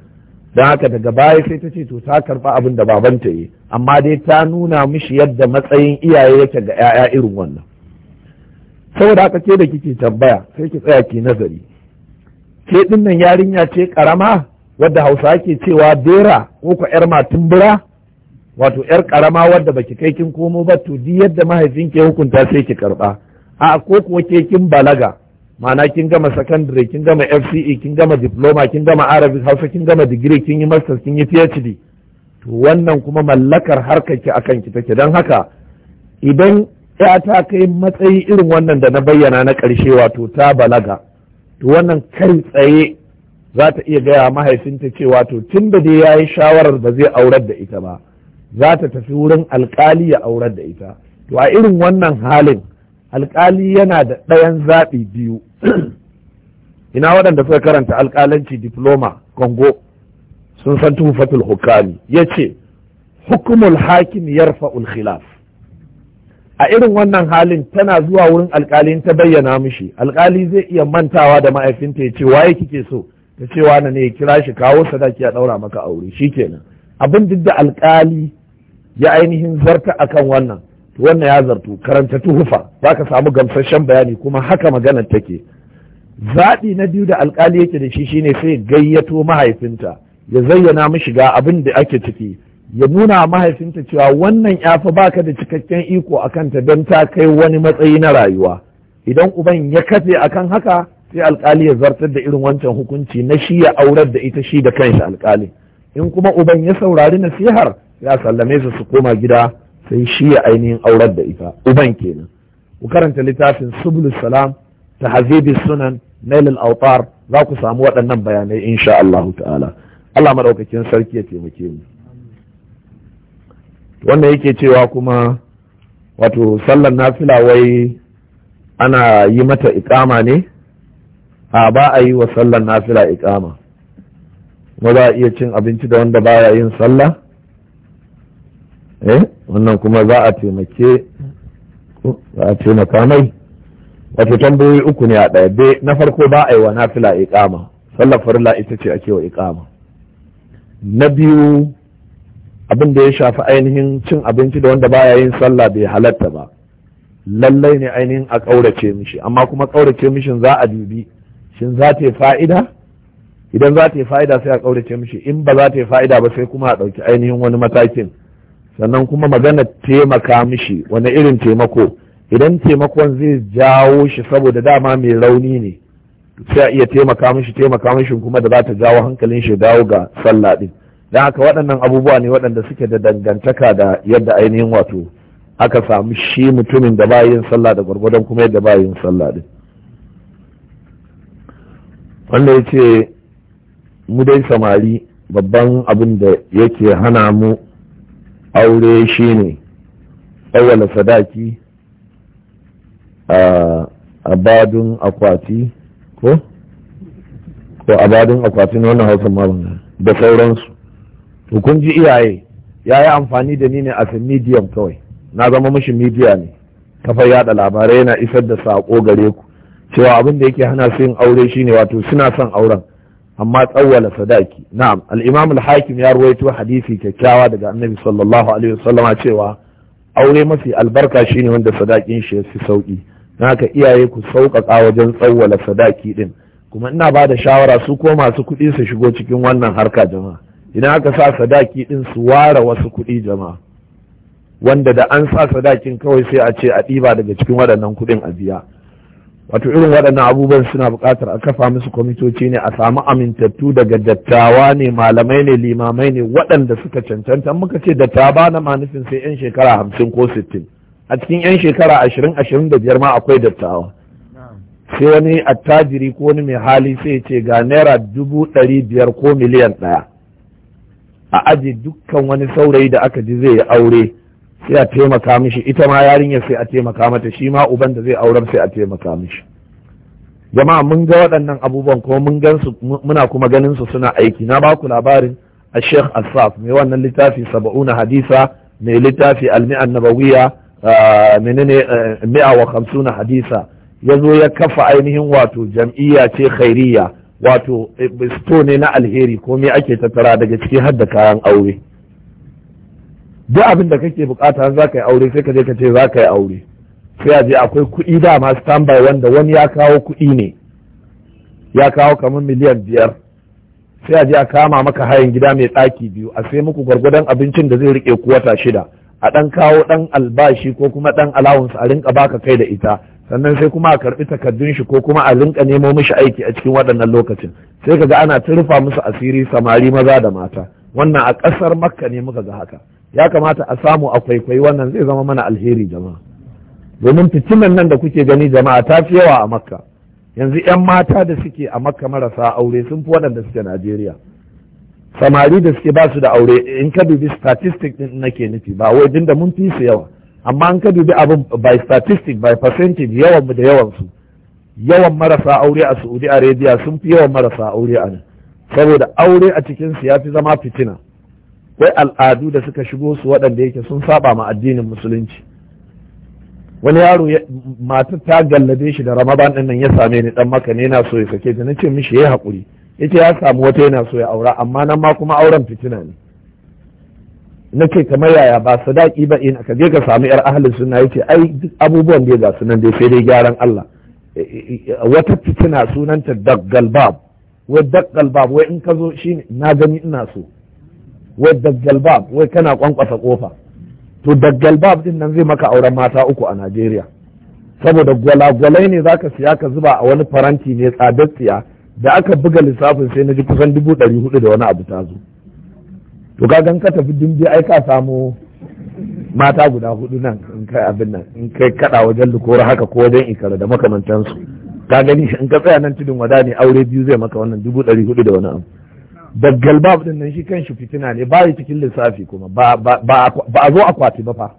[SPEAKER 1] don haka daga baya sai ta ce to ta karba abin da babanta yi amma dai ta nuna mishi yadda matsayin iyaye yake ga 'ya'ya irin wannan saboda haka ke da kike tambaya sai ki tsaya ki nazari ke dinnan yarinya ce karama wadda hausa ke cewa bera ko ko yar bura wato yar karama wadda baki kai kin komo ba to di yadda mahaifin ke hukunta sai ki karɓa. a ko kuwa ke kin balaga ma'ana kin gama secondary kin gama fce kin gama diploma kin gama arabic hausa kin gama digiri kin yi masters kin yi phd to wannan kuma mallakar harkar ki akan ki take dan haka idan ya ta kai matsayi irin wannan da na bayyana na ƙarshe wato ta balaga to wannan kai tsaye za ta iya gaya mahaifinta cewa to tun da dai ya yi shawarar ba zai aurar da ita ba za ta tafi wurin alkali ya aurar da ita to a irin wannan halin alƙali yana da ɗayan zaɓi biyu ina waɗanda suka karanta alƙalanci diploma kongo sun san tufatul hukami ya ce hukumul hakim faul khilaf a irin wannan halin tana zuwa wurin alƙalin ta bayyana mishi alƙali zai iya mantawa da ma'aifinta ya ce waye kike so ta ce wani ne ya kira shi kawo sadaki ya ɗaura maka aure Shi kenan. abin duk da alƙali ya ainihin zarta akan wannan wannan ya zartu karanta tuhufa za ka samu gamsasshen bayani kuma haka maganar take zaɓi na biyu da alƙali yake da shi shine sai gayyato mahaifinta ya zayyana mu shiga abin da ake ciki ya nuna mahaifinta cewa wannan ya fa baka da cikakken iko a kanta don ta kai wani matsayi na rayuwa idan uban ya kafe akan haka sai alƙali ya zartar da irin wancan hukunci na shi ya aurar da ita shi da kanshi alkali in kuma uban ya saurari nasihar ya sallame su su koma gida sai shi ya ainihin aurar da ita uban kenan ku karanta littafin subul salam ta hazibi sunan nail al za ku samu waɗannan bayanai insha Allah ta'ala Allah madaukakin sarki ya taimake mu wannan yake cewa kuma wato sallar nafila wai ana yi mata ikama ne a ba a yi wa sallar nafila ikama kuma za a iya cin abinci da wanda baya yin sallah eh wannan kuma za a taimake za a taimaka mai wato tambayoyi uku ne a ɗaya be na farko ba a yi wa nafila iqama sallar farila ita ce ake wa iqama na biyu abin da ya shafi ainihin cin abinci da wanda baya yin sallah bai halatta ba lallai ne ainihin a ƙaurace mishi amma kuma ƙaurace mishin za a dubi shin za ta yi fa'ida idan za ta yi fa'ida sai a ƙaurace mishi in ba za ta yi fa'ida ba sai kuma a ɗauki ainihin wani matakin sannan kuma magana taimaka mishi wani irin taimako idan taimakon zai jawo shi saboda dama mai rauni ne sai a iya taimaka mishi taimaka mishi kuma da za ta jawo hankalin shi dawo ga sallah din don haka waɗannan abubuwa ne waɗanda suke da dangantaka da yadda ainihin wato aka samu shi mutumin da ba yin sallah da gwargwadon kuma yadda ba yin sallah din wanda ya ce mu dai samari babban abin da yake hana mu aure shine tsawala sadaki a badun akwati ko ko badun akwati na wannan hausa da sauransu to ji iyaye ya yi amfani da ni ne a medium kawai na zama mashi midiya ne kafar yada labarai yana isar da sako gare ku cewa abin da yake hana su yin aure shine wato suna son auren amma tsawwala sadaki na'am al-imam al-hakim ya ruwaito hadisi kyakkyawa daga annabi sallallahu alaihi wasallama cewa aure mafi albarka shine wanda sadakin shi ya fi sauki haka iyaye ku sauƙaƙa wajen tsawwala sadaki din kuma ina ba da shawara su ko masu kuɗi su shigo cikin wannan harka jama'a idan aka sa sadaki din su ware wasu kuɗi jama'a wanda da an sa sadakin kawai sai a ce a ɗiba daga cikin waɗannan kuɗin a biya wato irin waɗannan abubuwan suna buƙatar a kafa musu kwamitoci ne a samu amintattu daga dattawa ne malamai ne limamai ne waɗanda suka cancanta muka ce dattawa ba na manufin sai 'yan shekara hamsin ko sittin a cikin 'yan shekara ashirin ashirin da biyar ma akwai dattawa sai wani attajiri ko wani mai hali sai ce ga naira dubu ɗari biyar ko miliyan ɗaya a aji dukkan wani saurayi da aka ji zai yi aure sai a taimaka mishi ita ma yarinyar sai a taimaka mata shi ma uban da zai aurar sai a taimaka mishi jama'a mun ga waɗannan abubuwan kuma mun gan muna kuma ganin su suna aiki na baku labarin a sheikh asaf mai wannan littafi saba'una hadisa mai littafi almi'an nabawiya menene mi'a wa hamsuna hadisa ya zo ya kafa ainihin wato jam'iyya ce khairiyya wato eh, sto ne na alheri ko me ake tattara daga ciki har da kayan aure duk abin da kake bukata za ka yi aure sai ka je ka ce za ka yi aure sai a je akwai kuɗi dama standby wanda wani ya kawo kuɗi ne ya kawo kamar miliyan biyar sai a je a kama maka hayan gida mai ɗaki biyu a sai muku gwargwadon abincin da zai rike ku wata shida a ɗan kawo ɗan albashi ko kuma ɗan allowance a rinka baka kai da ita sannan sai kuma a karɓi takardun shi ko kuma a rinka nemo mishi aiki a cikin waɗannan lokacin sai kaga ana turfa musu asiri samari maza da mata wannan a ƙasar makka ne muka ga haka ya kamata a samu a kwaikwayi wannan zai zama mana alheri jama'a domin fitinan nan da kuke gani jama'a ta fi yawa a makka yanzu 'yan mata da suke a makka marasa aure sun fi waɗanda suke najeriya samari da suke ba su da aure in ka dubi statistic din nake nufi ba wai dinda mun fi su yawa amma in ka dubi abin by statistic by percentage yawan mu da yawan su yawan marasa aure a Saudi Arabia sun fi yawan marasa aure a nan saboda aure a cikin su fi zama fitina akwai al'adu da suka shigo su waɗanda yake sun saba ma addinin musulunci wani yaro matar ta gallabe shi da ramadan din nan ya same ni dan maka ne yana so ya sake ta nace mishi yayi hakuri yace ya samu wata yana so ya aura amma nan ma kuma auren fitina ne nace kamar yaya ba sadaki ba in ka je ka samu yar ahlin suna, yace ai duk abubuwan da ga sunan dai sai dai gyaran Allah e, e, e, wata fitina sunanta daggalbab wai daggalbab wai in ka zo shine na gani ina so wai daggalbab wai kana kwankwasa kofa to daggalbab din nan zai maka auren mata uku a Najeriya saboda gwalagwalai ne zaka siya ka zuba a wani faranti ne tsadar siya da aka buga lissafin sai na ji kusan dubu ɗari hudu da wani abu ta zo to ka gan ka tafi dimbi ai ka samu mata guda hudu nan in kai abin nan in kai kada wajen lukora haka ko wajen ikara da makamantansu ka gani in ka tsaya nan tudun wada ne aure biyu zai maka wannan dubu ɗari hudu da wani abu Daggal babu din nan shi kan shi fitina ne ba cikin lissafi kuma ba a zo akwati ba fa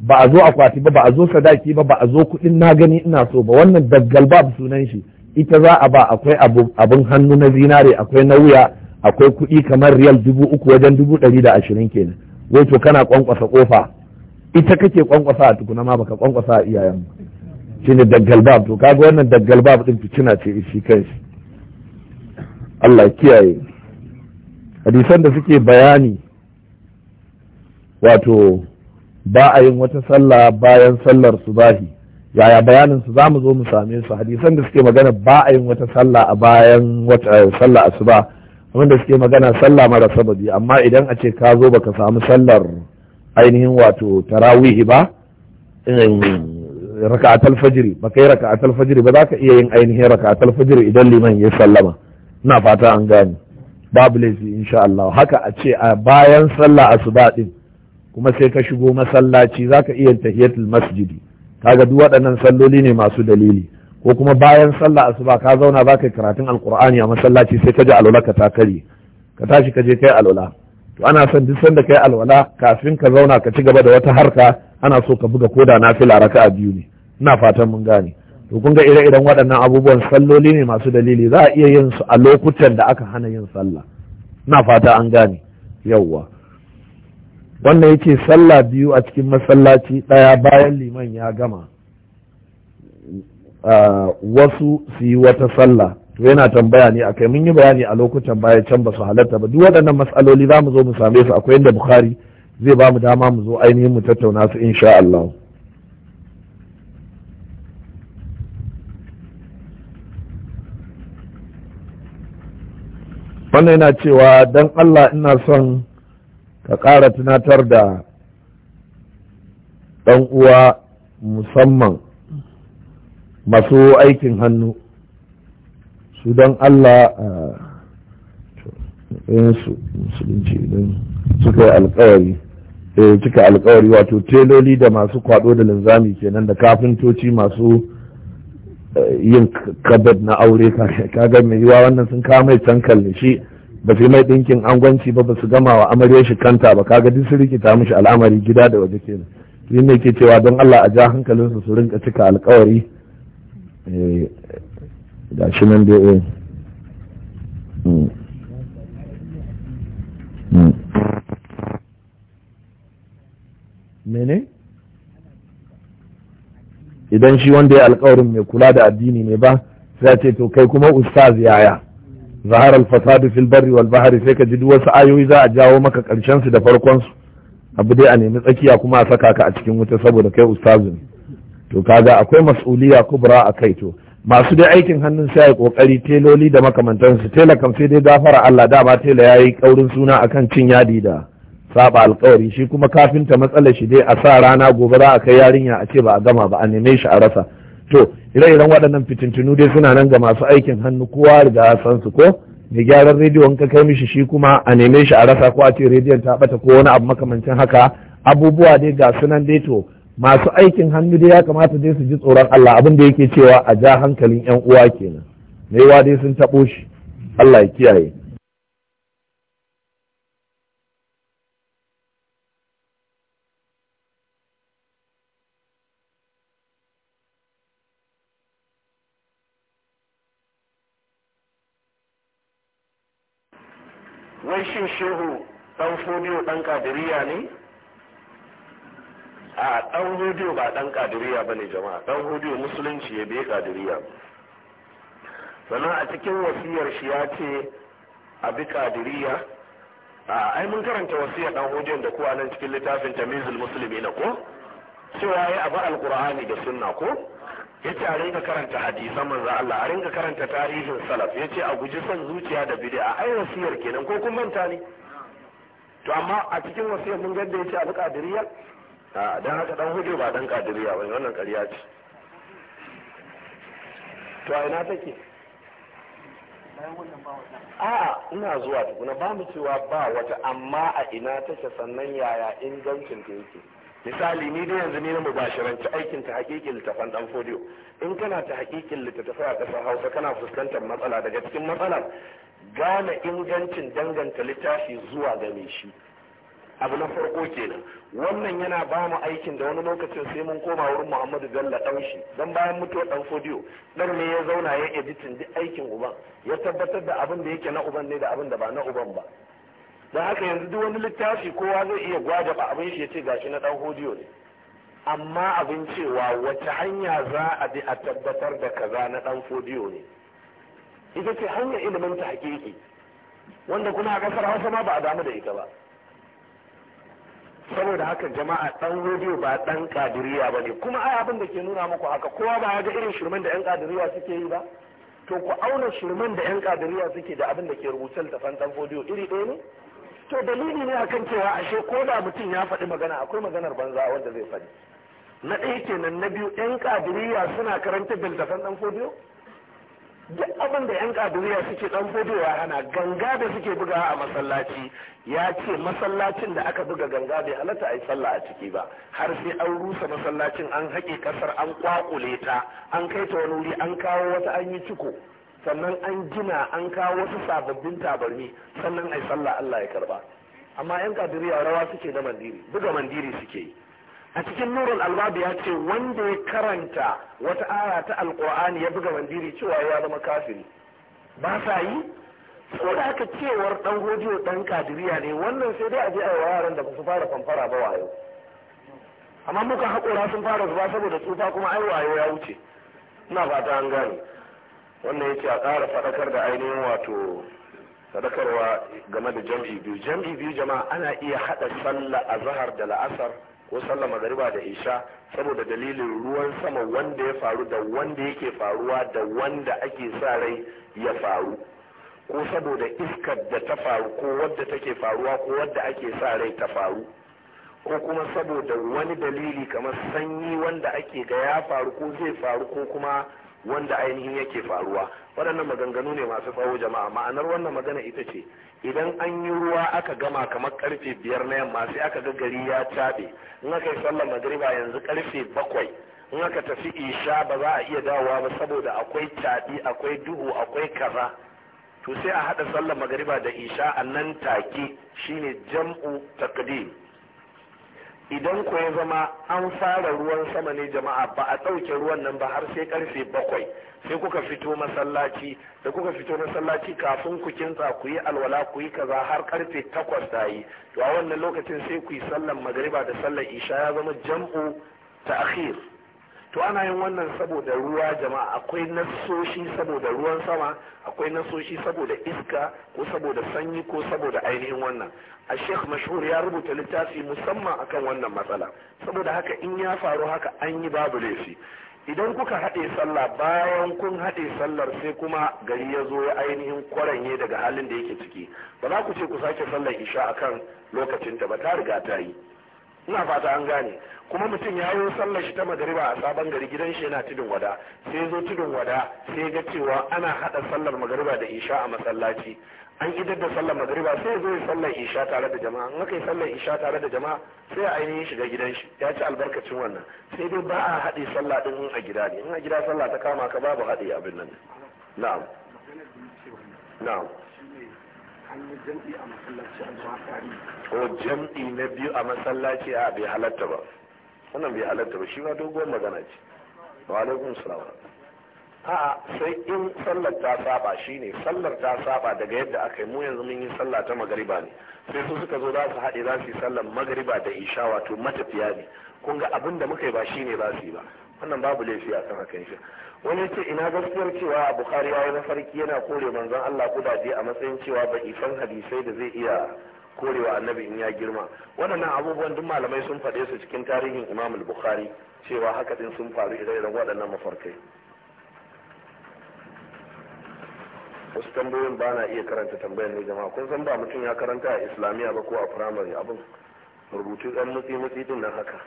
[SPEAKER 1] ba a zo akwati ba ba a zo sadaki ba ba a zo kuɗin na gani ina so ba wannan daggal babu sunan shi ita za a ba akwai abin hannu na zinare akwai na wuya akwai kuɗi kamar riyal dubu uku wajen dubu ɗari da ashirin kenan wai to kana kwankwasa kofa ita kake kwankwasa a tukuna ma baka kwankwasa a iyayen ba daggal babu to kaga wannan daggal babu din fitina ce shi kanshi Allah kiyaye hadisan da suke bayani wato ba a yin wata sallah bayan sallar su subahi yaya bayanin su zamu zo mu same su hadisan da suke magana ba a yin wata sallah a bayan wata eh, sallah asuba wanda suke magana sallah mara sababi amma idan a ce ka zo baka samu sallar ainihin wato tarawihi ba raka'atul fajri baka yi raka'atul fajri ba za ka iya yin ainihin raka'atul fajri idan liman ya sallama ina fata an gane babu laifi insha Allah haka a ce a bayan sallah asuba din kuma sai ka shigo masallaci zaka iya tahiyatul masjidi kaga duk waɗannan salloli ne masu dalili ko kuma bayan sallah asuba ka zauna zaka yi karatun alqur'ani a masallaci sai ka ji alwala ka ta ka tashi ka je kai alwala to ana son duk sanda kai alwala kafin ka zauna ka ci gaba da wata harka ana so ka buga koda nafila raka'a biyu ne ina fatan mun gane to kun ga ire-iren waɗannan abubuwan salloli ne masu dalili za a iya yin su a lokutan da aka hana yin sallah na fata an gane yawwa wannan yake sallah biyu a cikin masallaci ɗaya bayan liman ya gama wasu su yi wata sallah to yana tambaya ne akai mun yi bayani a lokutan baya can ba su halatta ba duk waɗannan matsaloli za mu zo mu same su akwai inda bukhari zai ba mu dama mu zo ainihin mu tattauna su insha Allah wannan yana cewa don Allah ina son ka ƙara tunatar da ɗan uwa musamman masu aikin hannu su don Allah su musulunci don suka yi alkawari cika eh, alkawari wato teloli da masu kwaɗo da linzami kenan da kafintoci masu yin kabad na aure kaga mai yiwa wannan sun kawo mai can shi ba su mai ɗinkin angwanci ba ba su gama wa amarya shi kanta ba kaga duk su rikita mishi al'amari gida da waje kenan yin ne ke cewa don Allah a ja hankalinsu su rinka cika alkawari da eh, shi nan eh. hmm. Hmm. Hmm. mene? idan shi wanda ya alkawarin mai kula da addini ne ba sai ce to kai kuma ustaz yaya zahar al-fasadu fil barri wal bahri sai ka ji duk wasu ayoyi za a jawo maka karshen su da farkon su abu dai a nemi tsakiya kuma a saka ka a cikin wuta saboda kai ustaz ne to kaga akwai mas'uliya kubra a kai to masu dai aikin hannun sai ya kokari teloli da makamantansu tela kam sai dai gafara Allah dama tela yayi kaurin suna akan cin yadi da saba alkawari shi kuma kafinta matsalar shi dai a sa rana gobe za a kai yarinya a ce ba a gama ba a neme shi a rasa to ire-iren waɗannan fitintunu dai suna nan ga masu aikin hannu kowa riga san su ko mai gyaran rediyo in ka kai mishi shi kuma a neme shi a rasa ko a ce rediyon ta bata ko wani abu makamancin haka abubuwa dai ga sunan dai to masu aikin hannu dai ya kamata dai su ji tsoron Allah abin da yake cewa a ja hankalin yan uwa kenan wa dai sun taɓo shi Allah ya kiyaye fodiyo ɗan kadiriya ne a ɗan hodiyo ba ɗan kadiriya ba ne jama'a ɗan hodiyo musulunci ya bai kadiriya sannan a cikin wasiyar shi ya ce a bi kadiriya a ai mun karanta wasiyar ɗan hodiyon da kuwa nan cikin littafin tamizul musulmi na ko cewa ya abu alkur'ani da sunna ko ya ce a rinka karanta hadisan manzo Allah a rinka karanta tarihin salaf ya ce a guji son zuciya da bid'a ai wasiyar kenan ko kun manta ne to amma a cikin wasiyar mun ganda yace abu ƙadiriyar? a dan haka dan hujjo ba dan qadiriyya bane wannan ƙarya ce to a ina take a ina zuwa tukuna ba mu cewa ba wata amma a ina take sannan yaya ingancin ta yake misali ni dai yanzu ni na mubashiranci aikin ta hakikin littafan dan fodiyo in kana ta hakikin littattafai a ƙasar hausa kana fuskantar matsala daga cikin matsalar gane ingancin danganta littafi zuwa game shi abu na farko kenan wannan yana ba mu aikin da wani lokacin sai mun koma wurin muhammadu bello dan don bayan mutuwar dan fodiyo dan ne ya zauna ya editin duk aikin uban ya tabbatar da abin da yake na uban ne da abin da ba na uban ba don haka yanzu duk wani littafi kowa zai iya gwada ba abin shi ya ce gashi na dan fodiyo ne amma abin cewa wace hanya za a bi a tabbatar da kaza na ɗan fodiyo ne ita ce hanyar ilimin ta hakiki wanda kuma a kasar hausa ma ba a damu da ita ba saboda haka jama'a dan rediyo ba dan kadiriya ba ne kuma ai abin da ke nuna muku haka kowa ba ya ga irin shirmen da yan kadiriya suke yi ba to ku auna shirmen da yan kadiriya suke da abin da ke rubuce littafan dan rediyo iri ɗaya ne to dalili ne akan cewa ashe ko da mutum ya faɗi magana akwai maganar banza wanda zai faɗi na ɗaya kenan na biyu yan kadiriya suna karanta littafan dan rediyo duk abin da yan kaduriya suke dan bodewa hana ganga da suke bugawa a masallaci ya ce masallacin da aka buga ganga bai halatta a yi sallah a ciki ba har sai an rusa masallacin an haƙe ƙasar an ƙwaƙule ta an kai ta wani wuri an kawo wata an yi ciko sannan an gina an kawo wasu sababbin tabarmi sannan a yi sallah Allah ya karba amma yan kaduriya rawa suke da mandiri buga mandiri suke yi a cikin nurul albab ya ce wanda ya karanta wata aya ta alqur'ani ya buga mandiri cewa ya zama kafiri ba sa yi Ko da haka cewar dan hojo dan kadiriya ne wannan sai dai a je a yaran da ba su fara fanfara ba wayo amma muka haƙora sun fara zuba saboda tsufa kuma ai wayo ya wuce ina fata an gane wannan yake a ƙara faɗakar da ainihin wato sadakarwa game da jam'i biyu jam'i biyu jama'a ana iya haɗa sallah azhar da la'asar ko sallar magariba da isha saboda dalilin ruwan sama wanda ya faru da wanda yake faruwa da wanda ake sa rai ya faru ko saboda iskar da ta faru ko wadda take faruwa ko wadda ake sa rai ta faru ko kuma saboda wani dalili kamar sanyi wanda ake ga ya faru ko zai faru ko kuma wanda ainihin yake faruwa waɗannan maganganu ne masu tsawo jama'a ma'anar wannan magana ita ce idan an yi ruwa aka gama kamar karfe biyar na yamma sai aka ga gari ya caɓe in aka yi sallar magariba yanzu karfe bakwai in aka tafi isha ba za a iya dawowa ba saboda akwai caɓi akwai duhu akwai kaza to sai a haɗa sallar magariba da isha a nan take shine jam'u takdim idan ku ya zama an fara ruwan sama ne jama'a ba a ɗauke ruwan nan ba har sai karfe bakwai sai kuka fito masallaci da kuka fito masallaci kafin ku kinta ku yi alwala ku yi kaza har karfe takwas ta yi to a wannan lokacin sai ku yi sallan magariba da sallan isha ya zama jam'u ta akhir to ana yin wannan saboda ruwa jama'a akwai nasoshi saboda ruwan sama akwai nasoshi saboda iska ko saboda sanyi ko saboda ainihin wannan a sheikh mashhur ya rubuta littafi musamman akan wannan matsala saboda haka in ya faru haka an yi babu laifi idan kuka haɗe sallah bayan kun haɗe sallar sai kuma gari ya zo ya ainihin kwaranye daga halin da yake ciki ba za ku ce ku sake sallar isha akan lokacinta ba ta riga ta yi ina fata an gane kuma mutum ya yi sallar shi ta magariba a sabon gari gidan shi yana tudun wada sai zo tudun wada sai ga cewa ana hada sallar magariba da isha a masallaci an idar da sallar magariba sai zo yi sallar isha tare da jama'a in aka yi sallar isha tare da jama'a sai a ainihin shiga gidan shi ya ci albarkacin wannan sai dai ba a haɗe sallah din in a gida ne in a gida sallah ta kama ka babu haɗe abin nan na'am na'am ko jam'i na biyu a masallaci a bai halatta ba wannan bai halatta ba shi ma doguwar magana ce wa alaikum salam a'a sai in sallar ta saba shine sallar ta saba daga yadda aka yi mu yanzu mun yi sallah ta magariba ne sai su suka zo za su haɗe za su yi sallar magariba da isha wato matafiya ne kun ga abin da muka yi ba shine za su yi ba wannan babu laifi a kan hakan shi wani ce ina gaskiyar cewa a bukari ya yi mafarki yana kore manzon allah kudaje a matsayin cewa ba ifan hadisai da zai iya korewa annabi in ya girma waɗannan abubuwan duk malamai sun faɗe su cikin tarihin imam bukhari cewa haka din sun faru ire-iren waɗannan mafarkai wasu tambayoyin ba na iya karanta tambayar ne jama'a kun san ba mutum ya karanta a islamiyya ba ko a firamare abin rubutu ɗan mutsi mutsi din nan haka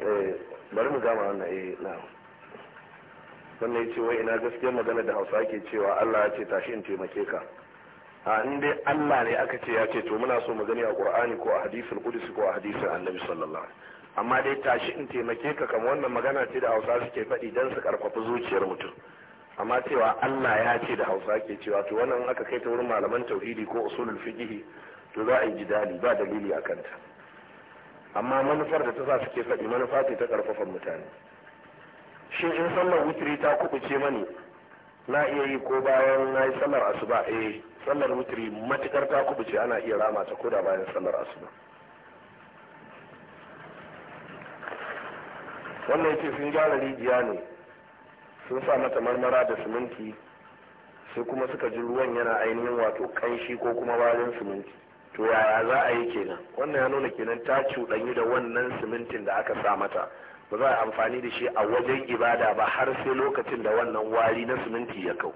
[SPEAKER 1] eh, bari mu gama wannan eh na wannan ya ce wai ina gaskiyar magana da hausa ke cewa allah ya ce tashi in taimake ka a in dai Allah ne aka ce ya ce to muna so mu gani a Qur'ani ko a hadisul qudsi ko a hadisin Annabi sallallahu alaihi amma dai tashi in taimake ka kamar wannan magana ce da Hausa suke faɗi dan su karfafa zuciyar mutum amma cewa Allah ya ce da Hausa ke cewa to wannan aka kai ta wurin malaman tauhidi ko usulul fiqh to za a yi jidali ba dalili a kanta amma manufar da ta sa suke faɗi manufa ce ta karfafa mutane shin in sallar witri ta kubuce mani na iya yi ko bayan na yi sallar asuba eh sallar mutri matukar ta kubuce ana iya rama ta koda bayan sallar asuba wannan yake sun gyara rijiya ne sun sa mata marmara da siminti sai kuma suka ji ruwan yana ainihin wato kanshi ko kuma warin siminti to yaya za a yi kenan wannan ya nuna kenan ta cuɗanyi da wannan simintin da aka sa mata ba za a amfani da shi a wajen ibada ba har sai lokacin da wannan wari na siminti ya kau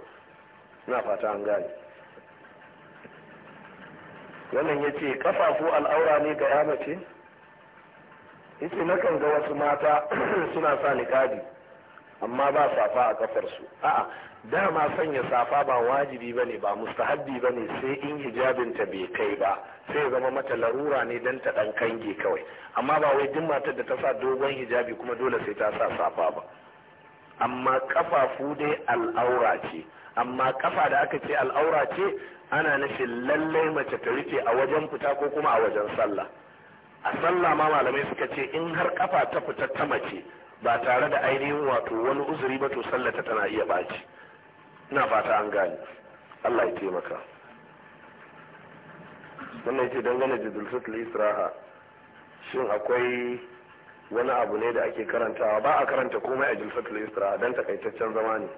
[SPEAKER 1] ina fata an gane wannan ya ce kafafu al'aura ne ga ya mace yace kan ga wasu mata [CLEARS THROAT] suna sa niqabi amma ba safa a kafarsu a'a dama sanya safa ba wajibi bane ba mustahabbi bane sai in hijabin ta bai kai ba sai zama mata larura ne dan ta dan kange kawai amma ba wai duk matar da ta sa dogon hijabi kuma dole sai ta sa safa ba amma kafafu dai al'aura ce amma kafa da aka ce al'aura ce ana nufin lallai mace ta rufe a wajen fita ko kuma a wajen sallah a sallah ma malamai suka ce in har kafa ta fita ta mace ba tare da ainihin wato wani uzuri ba to sallata tana iya baci ina fata an gane Allah ya taimaka wannan yace dangane da dulfatul isra'a shin akwai wani abu ne da ake karantawa ba a karanta komai a julfatul isra'a dan takaitaccen zama ne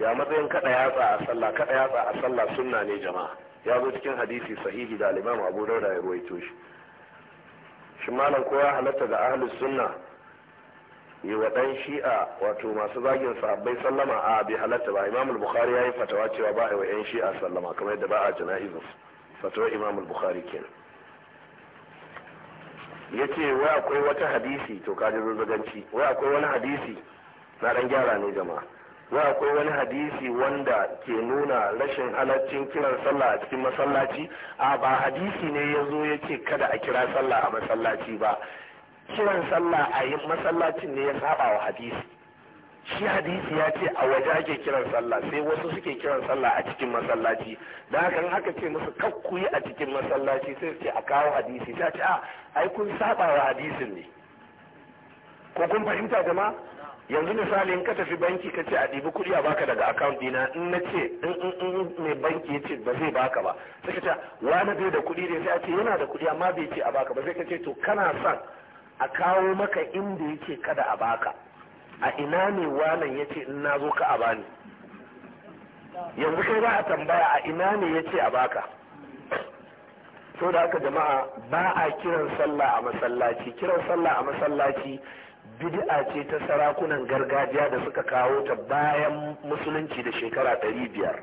[SPEAKER 1] ya matsayin kada yatsa a sallah kada yatsa a sallah sunna ne jama'a ya zo cikin hadisi sahihi da al-Imam Abu Dawud ya rawaito shi shin malam ko ya halatta da ahlus sunna yi wa dan shi'a wato masu zagin sahabbai sallama a bi halatta ba Imam al-Bukhari yayi fatawa cewa ba a wa yan shi'a sallama kamar yadda ba a jana'izu fatawa Imam al-Bukhari kenan yace wai akwai wata hadisi to ka ji zazzaganci wai akwai wani hadisi na dan gyara ne jama'a wa akwai wani hadisi wanda ke nuna rashin halaccin kiran sallah a cikin masallaci a ba hadisi ne ya zo ya ce kada a kira sallah a masallaci ba kiran sallah a yin masallacin ne ya saba wa hadisi shi hadisi ya ce a waje ake kiran sallah sai wasu suke kiran sallah a cikin masallaci da haka in aka ce musu kakku yi a cikin masallaci sai ce a kawo hadisi ta ce a ai kun saba wa hadisin ne ko kun fahimta jama'a yanzu misali in ka tafi banki ka ce a ɗibi kuɗi a baka daga account dina in na ce in in mai banki ya ce ba zai baka ba sai ka ce wani bai da kuɗi ne sai a ce yana da kuɗi amma bai ce a baka ba sai ka ce to kana son a kawo maka inda yake kada a baka a ina ne wanan ya ce in na zo ka a bani yanzu kai za a tambaya a ina ne ya ce a baka so da haka jama'a ba a kiran sallah a masallaci kiran sallah a masallaci bid'a ce ta sarakunan gargajiya da suka kawo ta bayan musulunci da shekara ɗari biyar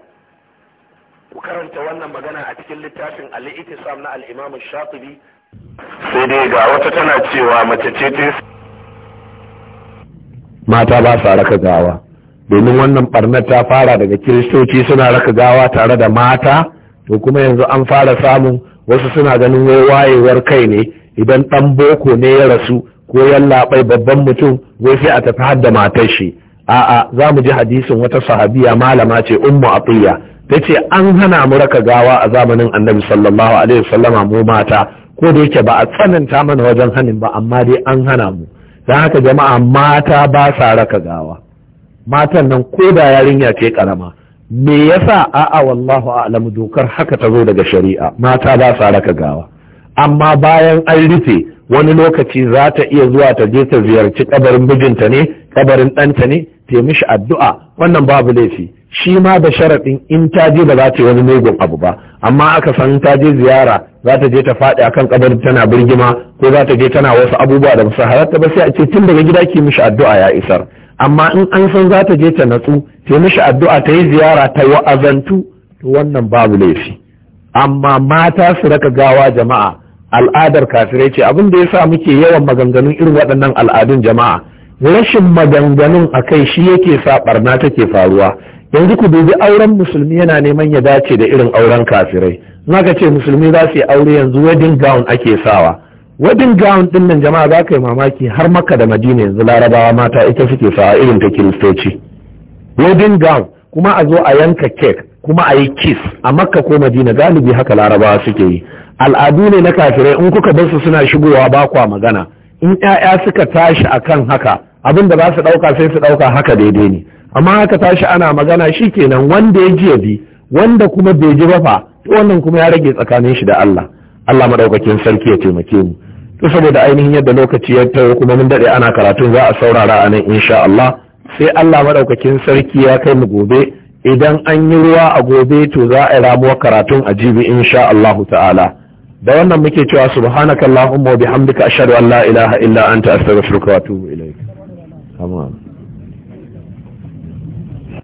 [SPEAKER 1] ku karanta wannan magana a cikin littafin al-ittisam na al-imam shatibi sai dai ga wata tana cewa mace ce ta mata ba sa raka gawa domin wannan barnar ta fara daga kiristoci suna raka gawa tare da mata to kuma yanzu an fara samun wasu suna ganin wayewar kai ne idan ɗan boko ne ya rasu ko yallaɓai babban mutum wai sai a tafi har da matar shi a'a za mu ji hadisin wata sahabiya malama ce ummu atiya ta ce an hana mu raka gawa a zamanin annabi sallallahu alaihi wasallama mu mata ko da yake ba a tsananta mana wajen hanin ba amma dai an hana mu dan haka jama'a mata ba sa raka gawa matan nan ko da yarinya ce karama me yasa a'a wallahu a'lamu dokar haka ta zo daga shari'a mata ba sa raka gawa amma bayan an rufe wani lokaci za ta iya zuwa ta je ta ziyarci kabarin mijinta ne kabarin ɗanta ne ta mishi addu'a wannan babu laifi shi ma da sharaɗin in ta je ba za ta yi wani mugun abu ba amma aka san ta je ziyara za ta je ta faɗi akan kabarin tana birgima ko za ta je tana wasu abubuwa da basu halatta ba sai a ce tun daga gida ki mishi addu'a ya isar amma in an san za ta je ta natsu ta mishi addu'a ta yi ziyara ta wa'azantu to wannan babu laifi amma mata su raka gawa jama'a al'adar kafirai ce abin da ya sa muke yawan maganganun irin waɗannan al'adun jama'a rashin maganganun a kai shi yake sa barna take faruwa yanzu ku dubi auren musulmi yana neman ya dace da irin auren kafirai Zaka ce musulmi za su yi aure yanzu wedding gown ake sawa wedding gown din nan jama'a za ka yi mamaki har maka da madina yanzu larabawa mata ita suke sawa irin ta kiristoci wedding gown kuma a zo a yanka kek kuma a yi kiss a makka ko madina galibi haka larabawa suke yi al'adu ne na kafirai in kuka bar su suna shigowa ba kwa magana in ƴaƴa suka tashi akan haka abin da za su ɗauka sai su ɗauka haka daidai ne amma haka tashi ana magana shi kenan wanda ya ji ya bi wanda kuma bai ji ba fa wannan kuma ya rage tsakanin shi da Allah Allah madaukakin sarki ya taimake mu to saboda ainihin yadda lokaci ya tawo kuma mun dade ana karatun za a saurara a nan insha Allah sai Allah madaukakin sarki ya kai mu gobe idan an yi ruwa a gobe to za a yi ramuwar karatun a jibi insha Allah ta'ala da wannan muke cewa subhanakallahumma wa bihamdika ashhadu an la ilaha illa anta astaghfiruka wa atubu ilaika.